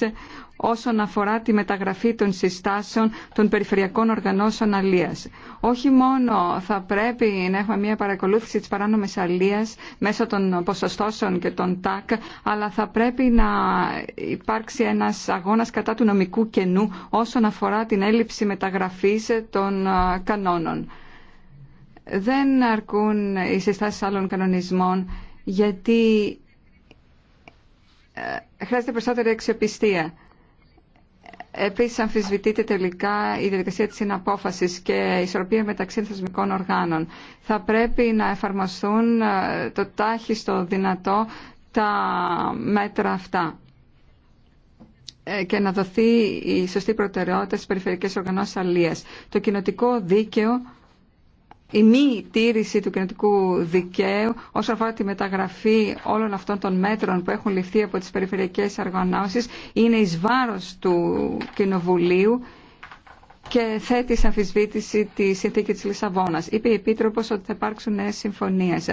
όσον αφορά τη μεταγραφή των συστάσεων των περιφερειακών οργανώσεων αλίας. Όχι μόνο θα πρέπει να έχουμε μια παρακολούθηση της παράνομης αλίας μέσω των ποσοστώσεων και των ΤΑΚ, αλλά θα πρέπει να υπάρξει ένας αγώνας κατά του νομικού κενού όσον αφορά την έλλειψη μεταγραφής των κανόνων δεν αρκούν οι συστάσεις άλλων κανονισμών γιατί ε, χρειάζεται περισσότερη αξιοπιστία. Επίσης αμφισβητείται τελικά η διαδικασία της συναπόφασης και η ισορροπία μεταξύ θεσμικών οργάνων. Θα πρέπει να εφαρμοστούν ε, το τάχιστο δυνατό τα μέτρα αυτά ε, και να δοθεί η σωστή προτεραιότητα στις περιφερειακές οργανώσεις αλίας. Το κοινοτικό δίκαιο η μη τήρηση του κοινωτικού δικαίου όσον αφορά τη μεταγραφή όλων αυτών των μέτρων που έχουν ληφθεί από τις περιφερειακές αργανώσεις είναι εις βάρος του Κοινοβουλίου και θέτει σε αμφισβήτηση τη συνθήκη της Λισαβόνας. Είπε η Επίτροπος ότι θα υπάρξουν νέες συμφωνίες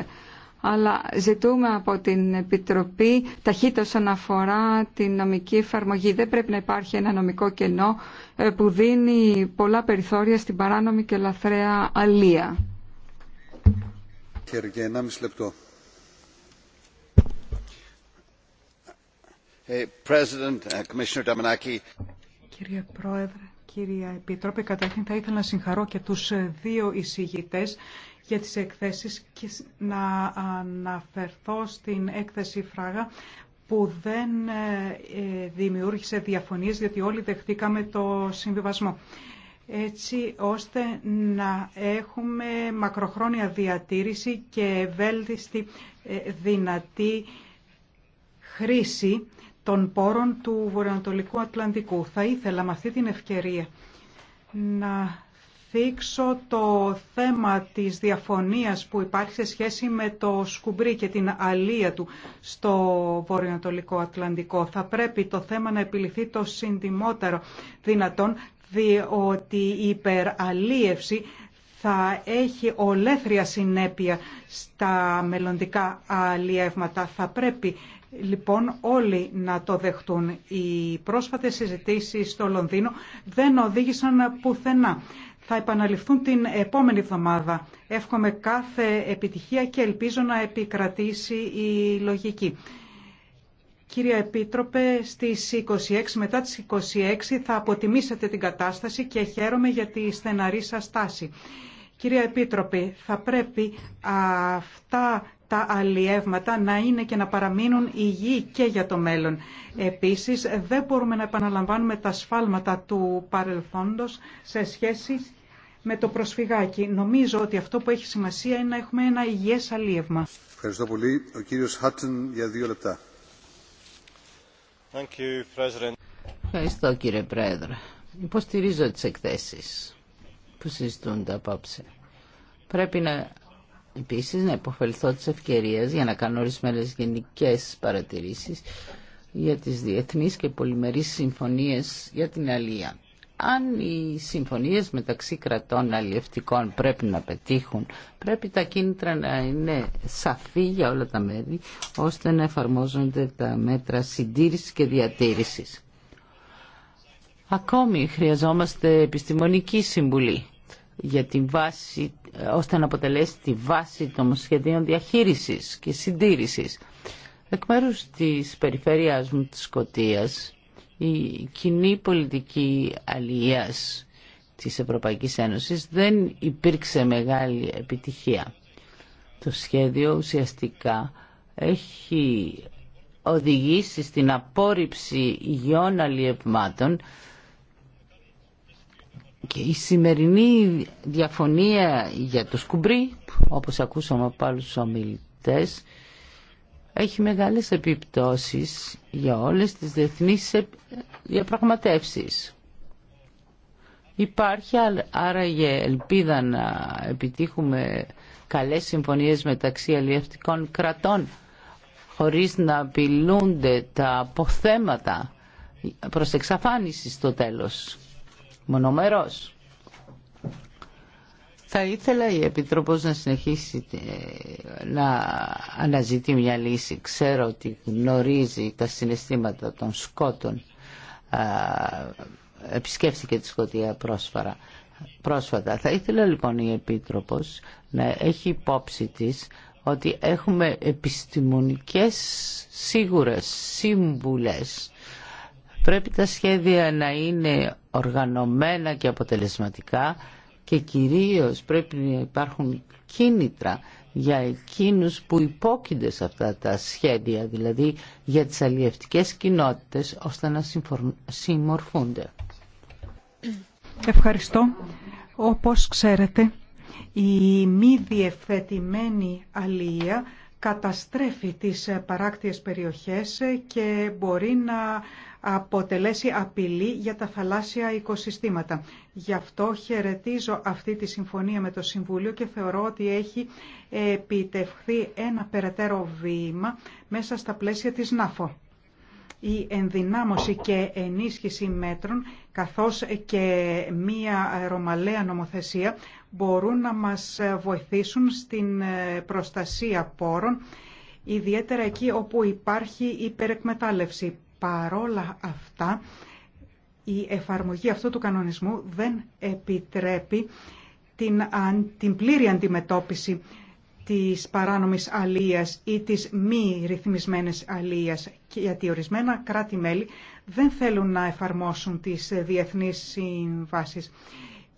αλλά ζητούμε από την Επιτροπή ταχύτητα όσον αφορά την νομική εφαρμογή. Δεν πρέπει να υπάρχει ένα νομικό κενό ε, που δίνει πολλά περιθώρια στην παράνομη και λαθρέα αλία. Ε, ε, κύριε Πρόεδρε, κύριε Επίτροπε, καταρχήν θα ήθελα να συγχαρώ και τους δύο εισηγητές για τις εκθέσεις και να αναφερθώ στην έκθεση Φράγα που δεν ε, ε, δημιούργησε διαφωνίες γιατί όλοι δεχτήκαμε το συμβιβασμό έτσι ώστε να έχουμε μακροχρόνια διατήρηση και ευέλτιστη ε, δυνατή χρήση των πόρων του Βορειοανατολικού Ατλαντικού. Θα ήθελα με αυτή την ευκαιρία να θίξω το θέμα της διαφωνίας που υπάρχει σε σχέση με το σκουμπρί και την αλία του στο βορειοανατολικό Ατλαντικό. Θα πρέπει το θέμα να επιληθεί το συντημότερο δυνατόν, διότι η υπεραλίευση θα έχει ολέθρια συνέπεια στα μελλοντικά αλλιεύματα. Θα πρέπει λοιπόν όλοι να το δεχτούν. Οι πρόσφατες συζητήσεις στο Λονδίνο δεν οδήγησαν πουθενά θα επαναληφθούν την επόμενη εβδομάδα. Εύχομαι κάθε επιτυχία και ελπίζω να επικρατήσει η λογική. Κύριε Επίτροπε, στις 26, μετά τις 26 θα αποτιμήσετε την κατάσταση και χαίρομαι για τη στεναρή σας τάση. Κύριε Επίτροπε, θα πρέπει αυτά τα αλλιεύματα να είναι και να παραμείνουν υγιή και για το μέλλον. Επίσης, δεν μπορούμε να επαναλαμβάνουμε τα σφάλματα του παρελθόντος σε σχέση με το προσφυγάκι. Νομίζω ότι αυτό που έχει σημασία είναι να έχουμε ένα υγιές αλίευμα. Ευχαριστώ πολύ. Ο κύριος Χάτσεν για δύο λεπτά. Ευχαριστώ κύριε Πρόεδρε. Υποστηρίζω τις εκθέσεις που συζητούνται απόψε. Πρέπει να επίσης να υποφελθώ της ευκαιρίας για να κάνω ορισμένε γενικές παρατηρήσεις για τις διεθνείς και πολυμερείς συμφωνίες για την αλία αν οι συμφωνίες μεταξύ κρατών αλλιευτικών πρέπει να πετύχουν, πρέπει τα κίνητρα να είναι σαφή για όλα τα μέρη, ώστε να εφαρμόζονται τα μέτρα συντήρησης και διατήρησης. Ακόμη χρειαζόμαστε επιστημονική συμβουλή για την βάση, ώστε να αποτελέσει τη βάση των σχεδίων διαχείρισης και συντήρησης. Εκ μέρους της περιφέρειάς μου της Σκοτίας, η κοινή πολιτική αλληλείας της Ευρωπαϊκής Ένωσης δεν υπήρξε μεγάλη επιτυχία. Το σχέδιο ουσιαστικά έχει οδηγήσει στην απόρριψη υγιών αλλιευμάτων και η σημερινή διαφωνία για το σκουμπρί, όπως ακούσαμε από άλλους ομιλητές, έχει μεγάλες επιπτώσεις για όλες τις διεθνείς διαπραγματεύσεις. Υπάρχει άραγε ελπίδα να επιτύχουμε καλές συμφωνίες μεταξύ αλλιευτικών κρατών χωρίς να απειλούνται τα αποθέματα προς εξαφάνιση στο τέλος. Μονομερός. Θα ήθελα η Επιτροπός να συνεχίσει ε, να αναζητεί μια λύση. Ξέρω ότι γνωρίζει τα συναισθήματα των σκότων. Επισκέφθηκε τη Σκοτία πρόσφατα. πρόσφατα. Θα ήθελα λοιπόν η Επίτροπος να έχει υπόψη της ότι έχουμε επιστημονικές σίγουρες σύμβουλες. Πρέπει τα σχέδια να είναι οργανωμένα και αποτελεσματικά και κυρίως πρέπει να υπάρχουν κίνητρα για εκείνους που υπόκεινται σε αυτά τα σχέδια, δηλαδή για τις αλλιευτικές κοινότητες, ώστε να συμμορφούνται. Ευχαριστώ. Όπως ξέρετε, η μη διευθετημένη αλληλεία καταστρέφει τις παράκτιες περιοχές και μπορεί να αποτελέσει απειλή για τα θαλάσσια οικοσυστήματα. Γι' αυτό χαιρετίζω αυτή τη συμφωνία με το Συμβούλιο και θεωρώ ότι έχει επιτευχθεί ένα περαιτέρω βήμα μέσα στα πλαίσια της ΝΑΦΟ. Η ενδυνάμωση και ενίσχυση μέτρων καθώς και μία ρωμαλαία νομοθεσία μπορούν να μας βοηθήσουν στην προστασία πόρων ιδιαίτερα εκεί όπου υπάρχει υπερεκμετάλλευση. Παρόλα αυτά, η εφαρμογή αυτού του κανονισμού δεν επιτρέπει την, την πλήρη αντιμετώπιση της παράνομης αλίας ή της μη ρυθμισμένης αλίας, γιατί ορισμένα κράτη-μέλη δεν θέλουν να εφαρμόσουν τις διεθνείς συμβάσεις.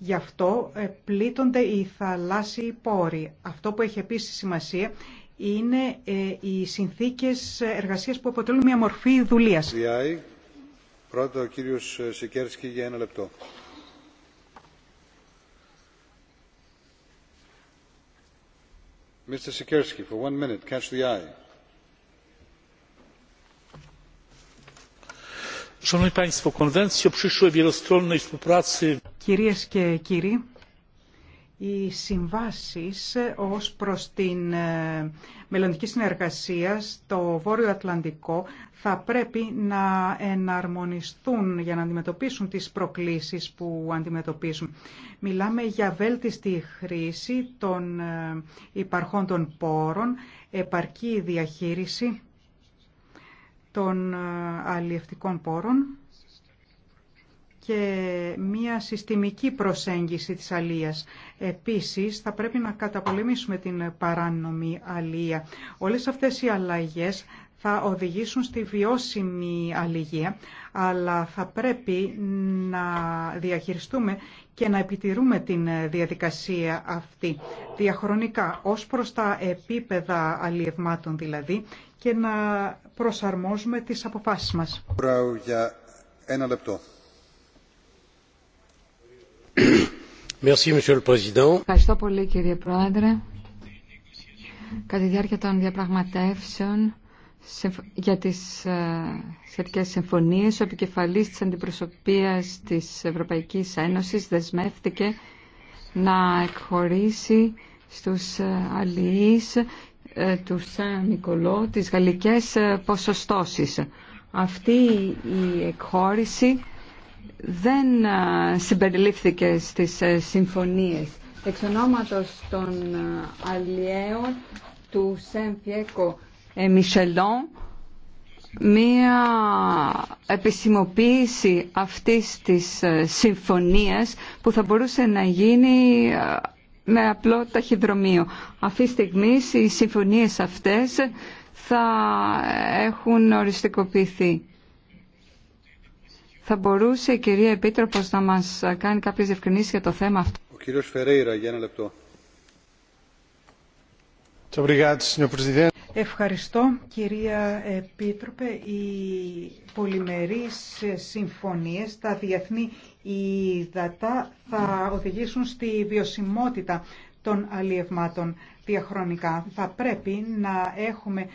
Γι' αυτό ε, πλήττονται οι θαλάσσιοι πόροι. Αυτό που έχει επίσης σημασία είναι ε, οι συνθήκες εργασίας που αποτελούν μια μορφή δουλείας. Πρώτα ο κύριος ε, Σικέρσκι για ένα λεπτό. Mr. Sikorsky, for one minute, catch the eye. Szanowni Państwo, konwencja o przyszłej wielostronnej współpracy. Κυρίες και κύριοι, οι συμβάσεις ως προς την ε, μελλοντική συνεργασία στο Βόρειο Ατλαντικό θα πρέπει να εναρμονιστούν για να αντιμετωπίσουν τις προκλήσεις που αντιμετωπίζουν. Μιλάμε για βέλτιστη χρήση των ε, υπαρχών των πόρων, επαρκή διαχείριση των ε, αλλιευτικών πόρων και μία συστημική προσέγγιση της αλίας. Επίσης, θα πρέπει να καταπολεμήσουμε την παράνομη αλία. Όλες αυτές οι αλλαγές θα οδηγήσουν στη βιώσιμη αλληλεία, αλλά θα πρέπει να διαχειριστούμε και να επιτηρούμε την διαδικασία αυτή διαχρονικά, ως προς τα επίπεδα αλλιευμάτων δηλαδή, και να προσαρμόζουμε τις αποφάσεις μας. Για ένα λεπτό. *coughs* Ευχαριστώ πολύ κύριε Πρόεδρε. Κατά τη διάρκεια των διαπραγματεύσεων για τις ε, σχετικές συμφωνίες, ο επικεφαλής τη αντιπροσωπείας της Ευρωπαϊκής Ένωσης δεσμεύτηκε να εκχωρήσει στους ε, αλληλείς ε, του Σαν Νικολό τις γαλλικές ποσοστώσεις. Αυτή η εκχώρηση δεν συμπεριλήφθηκε στις ε, συμφωνίες. Εξ ονόματος των αλλιέων του Σεν Φιέκο Μισελόν, μία επισημοποίηση αυτής της ε, συμφωνίας που θα μπορούσε να γίνει με απλό ταχυδρομείο. Αυτή τη στιγμή οι συμφωνίες αυτές θα έχουν οριστικοποιηθεί. Θα μπορούσε η κυρία Επίτροπος να μας κάνει κάποιες διευκρινήσεις για το θέμα αυτό. Ο κύριος Φερέιρα, για ένα λεπτό. Ευχαριστώ κυρία Επίτροπε. Οι πολυμερείς συμφωνίες, τα διεθνή υδατά θα οδηγήσουν στη βιωσιμότητα των αλλιευμάτων διαχρονικά. Θα πρέπει να έχουμε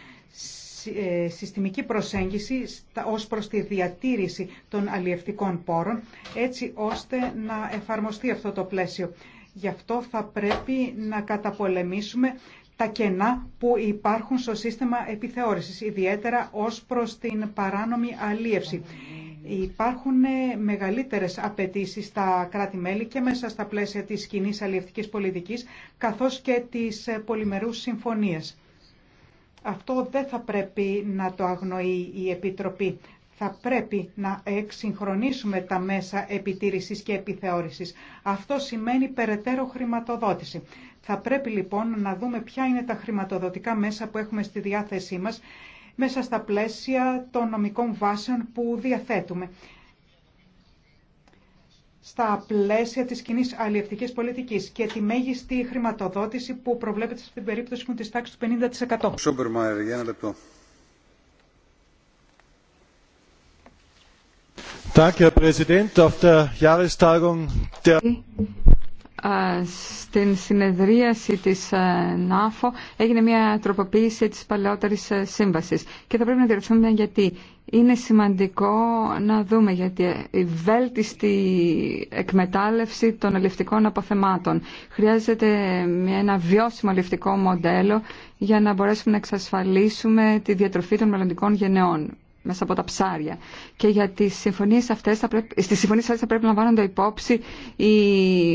ε, συστημική προσέγγιση ως προς τη διατήρηση των αλλιευτικών πόρων, έτσι ώστε να εφαρμοστεί αυτό το πλαίσιο. Γι' αυτό θα πρέπει να καταπολεμήσουμε τα κενά που υπάρχουν στο σύστημα επιθεώρησης, ιδιαίτερα ως προς την παράνομη αλίευση. Υπάρχουν ε, μεγαλύτερες απαιτήσεις στα κράτη-μέλη και μέσα στα πλαίσια της κοινή αλλιευτικής πολιτικής, καθώς και της ε, πολυμερούς συμφωνίας. Αυτό δεν θα πρέπει να το αγνοεί η Επιτροπή. Θα πρέπει να εξυγχρονίσουμε τα μέσα επιτήρησης και επιθεώρησης. Αυτό σημαίνει περαιτέρω χρηματοδότηση. Θα πρέπει λοιπόν να δούμε ποια είναι τα χρηματοδοτικά μέσα που έχουμε στη διάθεσή μας μέσα στα πλαίσια των νομικών βάσεων που διαθέτουμε στα πλαίσια της κοινή αλληλευτικής πολιτικής και τη μέγιστη χρηματοδότηση που προβλέπεται στην περίπτωση με τις τάξεις του 50%. Σούπερ για ένα λεπτό. Danke, Herr Präsident. Auf der Jahrestagung der στην συνεδρίαση της ε, ΝΑΦΟ έγινε μια τροποποίηση της παλαιότερης ε, σύμβασης και θα πρέπει να διευθυνθούμε γιατί. Είναι σημαντικό να δούμε γιατί η βέλτιστη εκμετάλλευση των αλληλευτικών αποθεμάτων χρειάζεται ένα βιώσιμο αλληλευτικό μοντέλο για να μπορέσουμε να εξασφαλίσουμε τη διατροφή των μελλοντικών γενεών μέσα από τα ψάρια. Και για τι συμφωνίες αυτές θα πρέπει, στις συμφωνίες αυτές θα πρέπει να λαμβάνονται υπόψη οι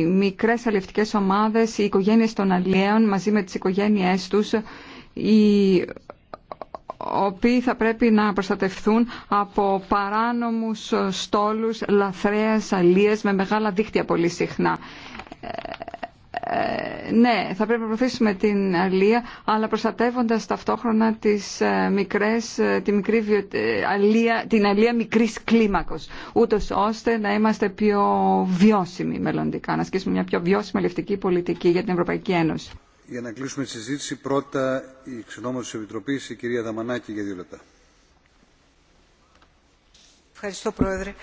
μικρές αλληλευτικέ ομάδες, οι οικογένειε των αλλιέων μαζί με τις οικογένειές τους, οι οποίοι θα πρέπει να προστατευθούν από παράνομους στόλους λαθρέα αλίες με μεγάλα δίχτυα πολύ συχνά. Ε, ε, ναι, θα πρέπει να προωθήσουμε την αλλία, αλλά προστατεύοντας ταυτόχρονα τις ε, μικρές, ε, τη μικρή βιο... την αλία μικρής κλίμακος, ούτως ώστε να είμαστε πιο βιώσιμοι μελλοντικά, να ασκήσουμε μια πιο βιώσιμη ελευτική πολιτική για την Ευρωπαϊκή Ένωση. Για να κλείσουμε τη συζήτηση, πρώτα η ξενόμενη τη Επιτροπής, η κυρία Δαμανάκη, για δύο λεπτά. Ευχαριστώ, Πρόεδρε.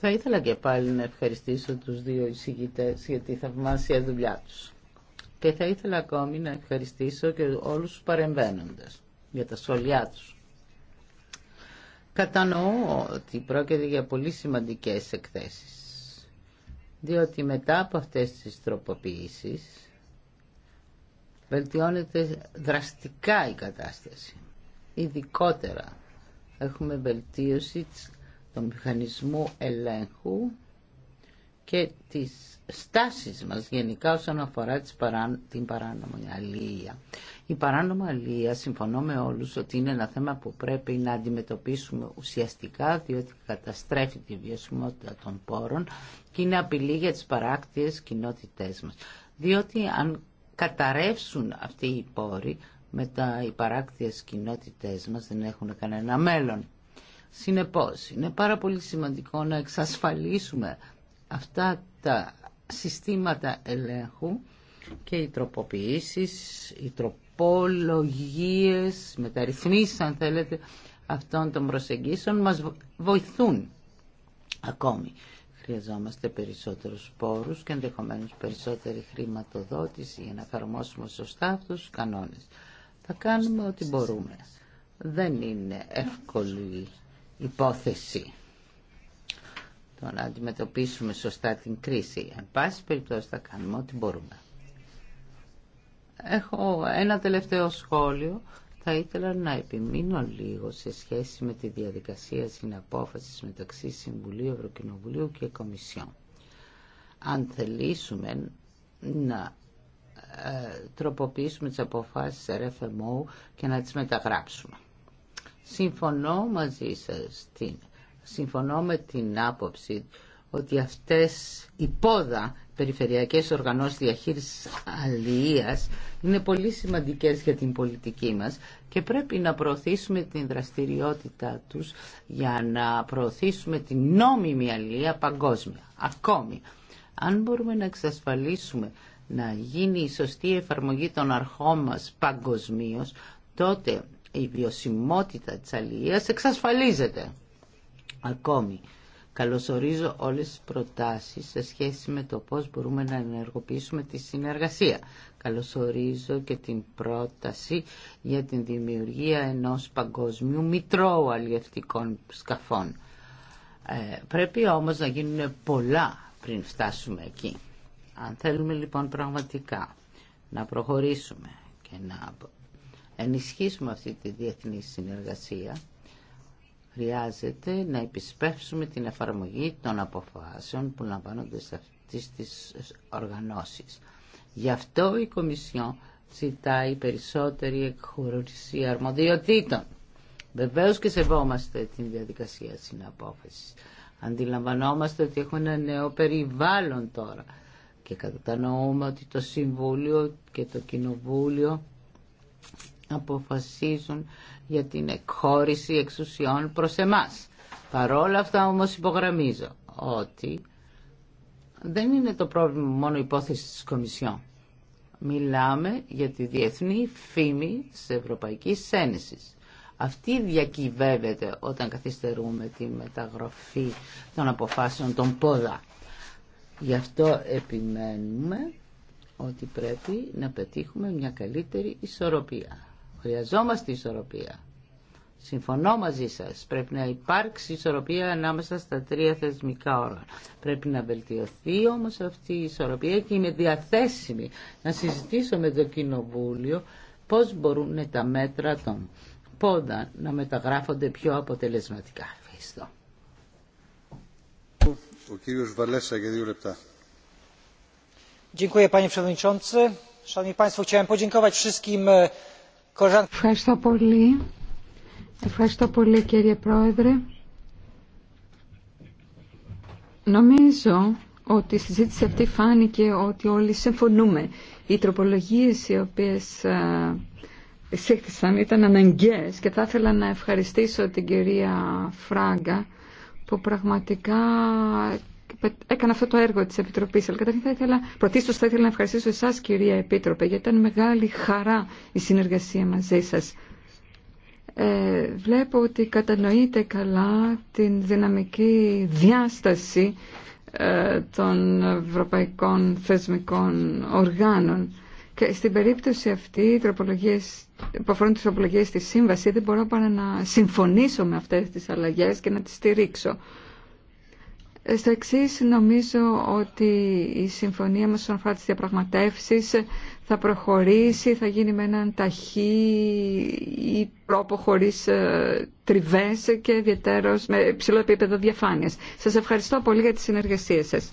Θα ήθελα και πάλι να ευχαριστήσω τους δύο εισηγητές για τη θαυμάσια δουλειά τους. Και θα ήθελα ακόμη να ευχαριστήσω και όλους τους παρεμβαίνοντες για τα σχόλιά τους. Κατανοώ ότι πρόκειται για πολύ σημαντικές εκθέσεις, διότι μετά από αυτές τις τροποποιήσεις βελτιώνεται δραστικά η κατάσταση. Ειδικότερα έχουμε βελτίωση της του μηχανισμό ελέγχου και τις στάσεις μας γενικά όσον αφορά την παράνομη αλληλεία. Η παράνομη αλληλεία, συμφωνώ με όλους, ότι είναι ένα θέμα που πρέπει να αντιμετωπίσουμε ουσιαστικά, διότι καταστρέφει τη βιωσιμότητα των πόρων και είναι απειλή για τις παράκτιες κοινότητές μας. Διότι αν καταρρεύσουν αυτοί οι πόροι, μετά οι παράκτιες κοινότητές μας δεν έχουν κανένα μέλλον. Συνεπώς, είναι πάρα πολύ σημαντικό να εξασφαλίσουμε αυτά τα συστήματα ελέγχου και οι τροποποιήσεις, οι τροπολογίες, μεταρρυθμίσεις αν θέλετε αυτών των προσεγγίσεων μας βοηθούν ακόμη. Χρειαζόμαστε περισσότερους πόρους και ενδεχομένως περισσότερη χρηματοδότηση για να εφαρμόσουμε σωστά αυτούς τους κανόνες. Θα κάνουμε ό,τι μπορούμε. Δεν είναι εύκολη υπόθεση το να αντιμετωπίσουμε σωστά την κρίση. Εν πάση περιπτώσει θα κάνουμε ό,τι μπορούμε. Έχω ένα τελευταίο σχόλιο. Θα ήθελα να επιμείνω λίγο σε σχέση με τη διαδικασία συναπόφασης μεταξύ Συμβουλίου, Ευρωκοινοβουλίου και Κομισιόν. Αν θελήσουμε να ε, τροποποιήσουμε τις αποφάσεις RFMO και να τις μεταγράψουμε. Συμφωνώ μαζί σας, συμφωνώ με την άποψη ότι αυτές οι πόδα περιφερειακές οργανώσεις διαχείρισης αλληλείας είναι πολύ σημαντικές για την πολιτική μας και πρέπει να προωθήσουμε την δραστηριότητά τους για να προωθήσουμε την νόμιμη αλληλεία παγκόσμια. Ακόμη, αν μπορούμε να εξασφαλίσουμε να γίνει η σωστή εφαρμογή των αρχών μας παγκοσμίως, τότε η βιωσιμότητα της αλληλείας εξασφαλίζεται. Ακόμη, καλωσορίζω όλες τις προτάσεις σε σχέση με το πώς μπορούμε να ενεργοποιήσουμε τη συνεργασία. Καλωσορίζω και την πρόταση για την δημιουργία ενός παγκοσμίου μητρώου αλληλευτικών σκαφών. Ε, πρέπει όμως να γίνουν πολλά πριν φτάσουμε εκεί. Αν θέλουμε λοιπόν πραγματικά να προχωρήσουμε και να ενισχύσουμε αυτή τη διεθνή συνεργασία χρειάζεται να επισπεύσουμε την εφαρμογή των αποφάσεων που λαμβάνονται σε αυτές τις οργανώσεις. Γι' αυτό η Κομισιόν ζητάει περισσότερη εκχωρήση αρμοδιοτήτων. Βεβαίω και σεβόμαστε την διαδικασία συναπόφαση. Αντιλαμβανόμαστε ότι έχουμε ένα νέο περιβάλλον τώρα και κατανοούμε ότι το Συμβούλιο και το Κοινοβούλιο αποφασίζουν για την εκχώρηση εξουσιών προς εμάς. Παρόλα αυτά όμως υπογραμμίζω ότι δεν είναι το πρόβλημα μόνο υπόθεση της Κομισιόν. Μιλάμε για τη διεθνή φήμη της Ευρωπαϊκής Ένωσης. Αυτή διακυβεύεται όταν καθυστερούμε τη μεταγραφή των αποφάσεων των πόδα. Γι' αυτό επιμένουμε ότι πρέπει να πετύχουμε μια καλύτερη ισορροπία. Χρειαζόμαστε ισορροπία. Συμφωνώ μαζί σας. Πρέπει να υπάρξει ισορροπία ανάμεσα στα τρία θεσμικά όργανα. Πρέπει να βελτιωθεί όμως αυτή η ισορροπία και είμαι διαθέσιμη να συζητήσω με το Κοινοβούλιο πώς μπορούν τα μέτρα των πόντα να μεταγράφονται πιο αποτελεσματικά. Ευχαριστώ. Ο κύριος Βαλέσσα για δύο λεπτά. Dziękuję panie przewodniczący. Szanowni państwo, chciałem podziękować wszystkim e, Ευχαριστώ πολύ. Ευχαριστώ πολύ κύριε Πρόεδρε. Νομίζω ότι η συζήτηση αυτή φάνηκε ότι όλοι συμφωνούμε. Οι τροπολογίες οι οποίες ε, εισήχθησαν ήταν αναγκαίες και θα ήθελα να ευχαριστήσω την κυρία Φράγκα που πραγματικά έκανα αυτό το έργο της Επιτροπής. Αλλά καταρχήν θα ήθελα, πρωτίστως θα ήθελα να ευχαριστήσω εσάς κυρία Επίτροπε, γιατί ήταν μεγάλη χαρά η συνεργασία μαζί σας. Ε, βλέπω ότι κατανοείτε καλά την δυναμική διάσταση ε, των ευρωπαϊκών θεσμικών οργάνων. Και στην περίπτωση αυτή, οι τροπολογίες, που αφορούν τις τροπολογίες στη Σύμβαση, δεν μπορώ παρά να συμφωνήσω με αυτές τις αλλαγές και να τις στηρίξω. Στο εξή νομίζω ότι η συμφωνία μας στον αφορά τις διαπραγματεύσεις θα προχωρήσει, θα γίνει με έναν ταχύ ή τρόπο χωρίς ε, τριβές και ιδιαίτερος με ψηλό επίπεδο διαφάνειας. Σας ευχαριστώ πολύ για τις συνεργασίες σας.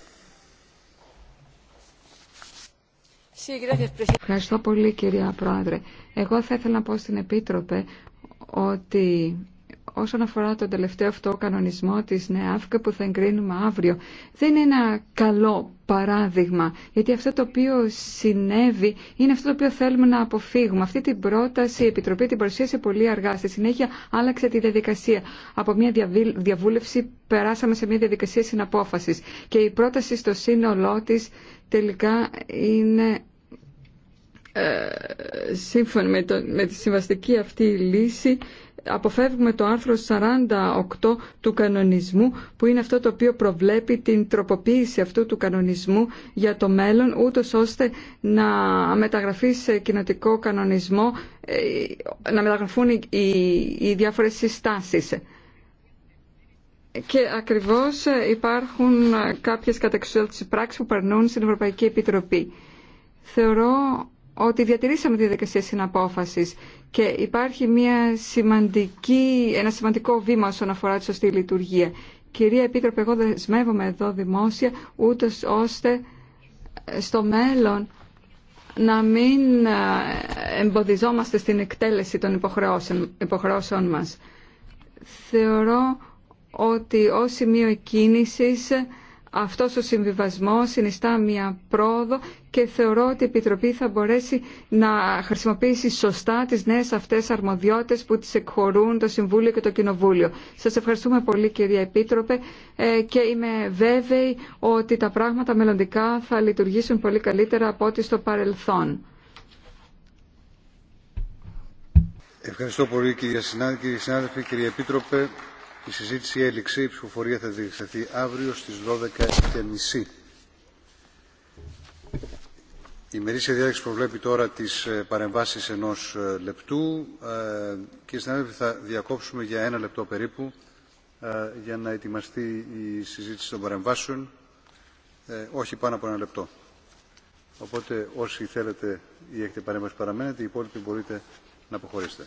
Ευχαριστώ πολύ κυρία Πρόεδρε. Εγώ θα ήθελα να πω στην Επίτροπε ότι όσον αφορά τον τελευταίο αυτό κανονισμό της ΝΕΑΦΚΑ που θα εγκρίνουμε αύριο. Δεν είναι ένα καλό παράδειγμα, γιατί αυτό το οποίο συνέβη είναι αυτό το οποίο θέλουμε να αποφύγουμε. Αυτή την πρόταση η Επιτροπή την παρουσίασε πολύ αργά. Στη συνέχεια άλλαξε τη διαδικασία. Από μια διαβούλευση περάσαμε σε μια διαδικασία συναπόφασης και η πρόταση στο σύνολό της τελικά είναι ε, σύμφωνα με, με τη συμβαστική αυτή λύση αποφεύγουμε το άρθρο 48 του κανονισμού που είναι αυτό το οποίο προβλέπει την τροποποίηση αυτού του κανονισμού για το μέλλον ούτως ώστε να μεταγραφεί σε κοινοτικό κανονισμό ε, να μεταγραφούν οι, οι, οι διάφορες συστάσεις. Και ακριβώς ε, υπάρχουν ε, κάποιες κατεξουσιαστικές πράξεις που περνούν στην Ευρωπαϊκή Επιτροπή. Θεωρώ ότι διατηρήσαμε τη διαδικασία συναπόφαση και υπάρχει μια σημαντική, ένα σημαντικό βήμα όσον αφορά τη σωστή λειτουργία. Κυρία Επίτροπε, εγώ δεσμεύομαι εδώ δημόσια, ούτω ώστε στο μέλλον να μην ε, εμποδιζόμαστε στην εκτέλεση των υποχρεώσεων, υποχρεώσεων μας. Θεωρώ ότι ως σημείο κίνησης αυτός ο συμβιβασμός συνιστά μια πρόοδο και θεωρώ ότι η Επιτροπή θα μπορέσει να χρησιμοποιήσει σωστά τις νέες αυτές αρμοδιότητες που τις εκχωρούν το Συμβούλιο και το Κοινοβούλιο. Σας ευχαριστούμε πολύ κυρία Επίτροπε ε, και είμαι βέβαιη ότι τα πράγματα μελλοντικά θα λειτουργήσουν πολύ καλύτερα από ό,τι στο παρελθόν. Ευχαριστώ πολύ κυρία συνάδελφη, κυρία Επίτροπε. Η συζήτηση έληξε. Η ψηφοφορία θα διεξαχθεί αύριο στις 12.30. Η μερίσια διάταξη προβλέπει τώρα τις ε, παρεμβάσεις ενός ε, λεπτού ε, και συνάδελφοι θα διακόψουμε για ένα λεπτό περίπου για να ετοιμαστεί η συζήτηση των παρεμβάσεων όχι πάνω από ένα λεπτό. Οπότε όσοι θέλετε ή έχετε παρέμβαση παραμένετε, οι υπόλοιποι μπορείτε να αποχωρήσετε.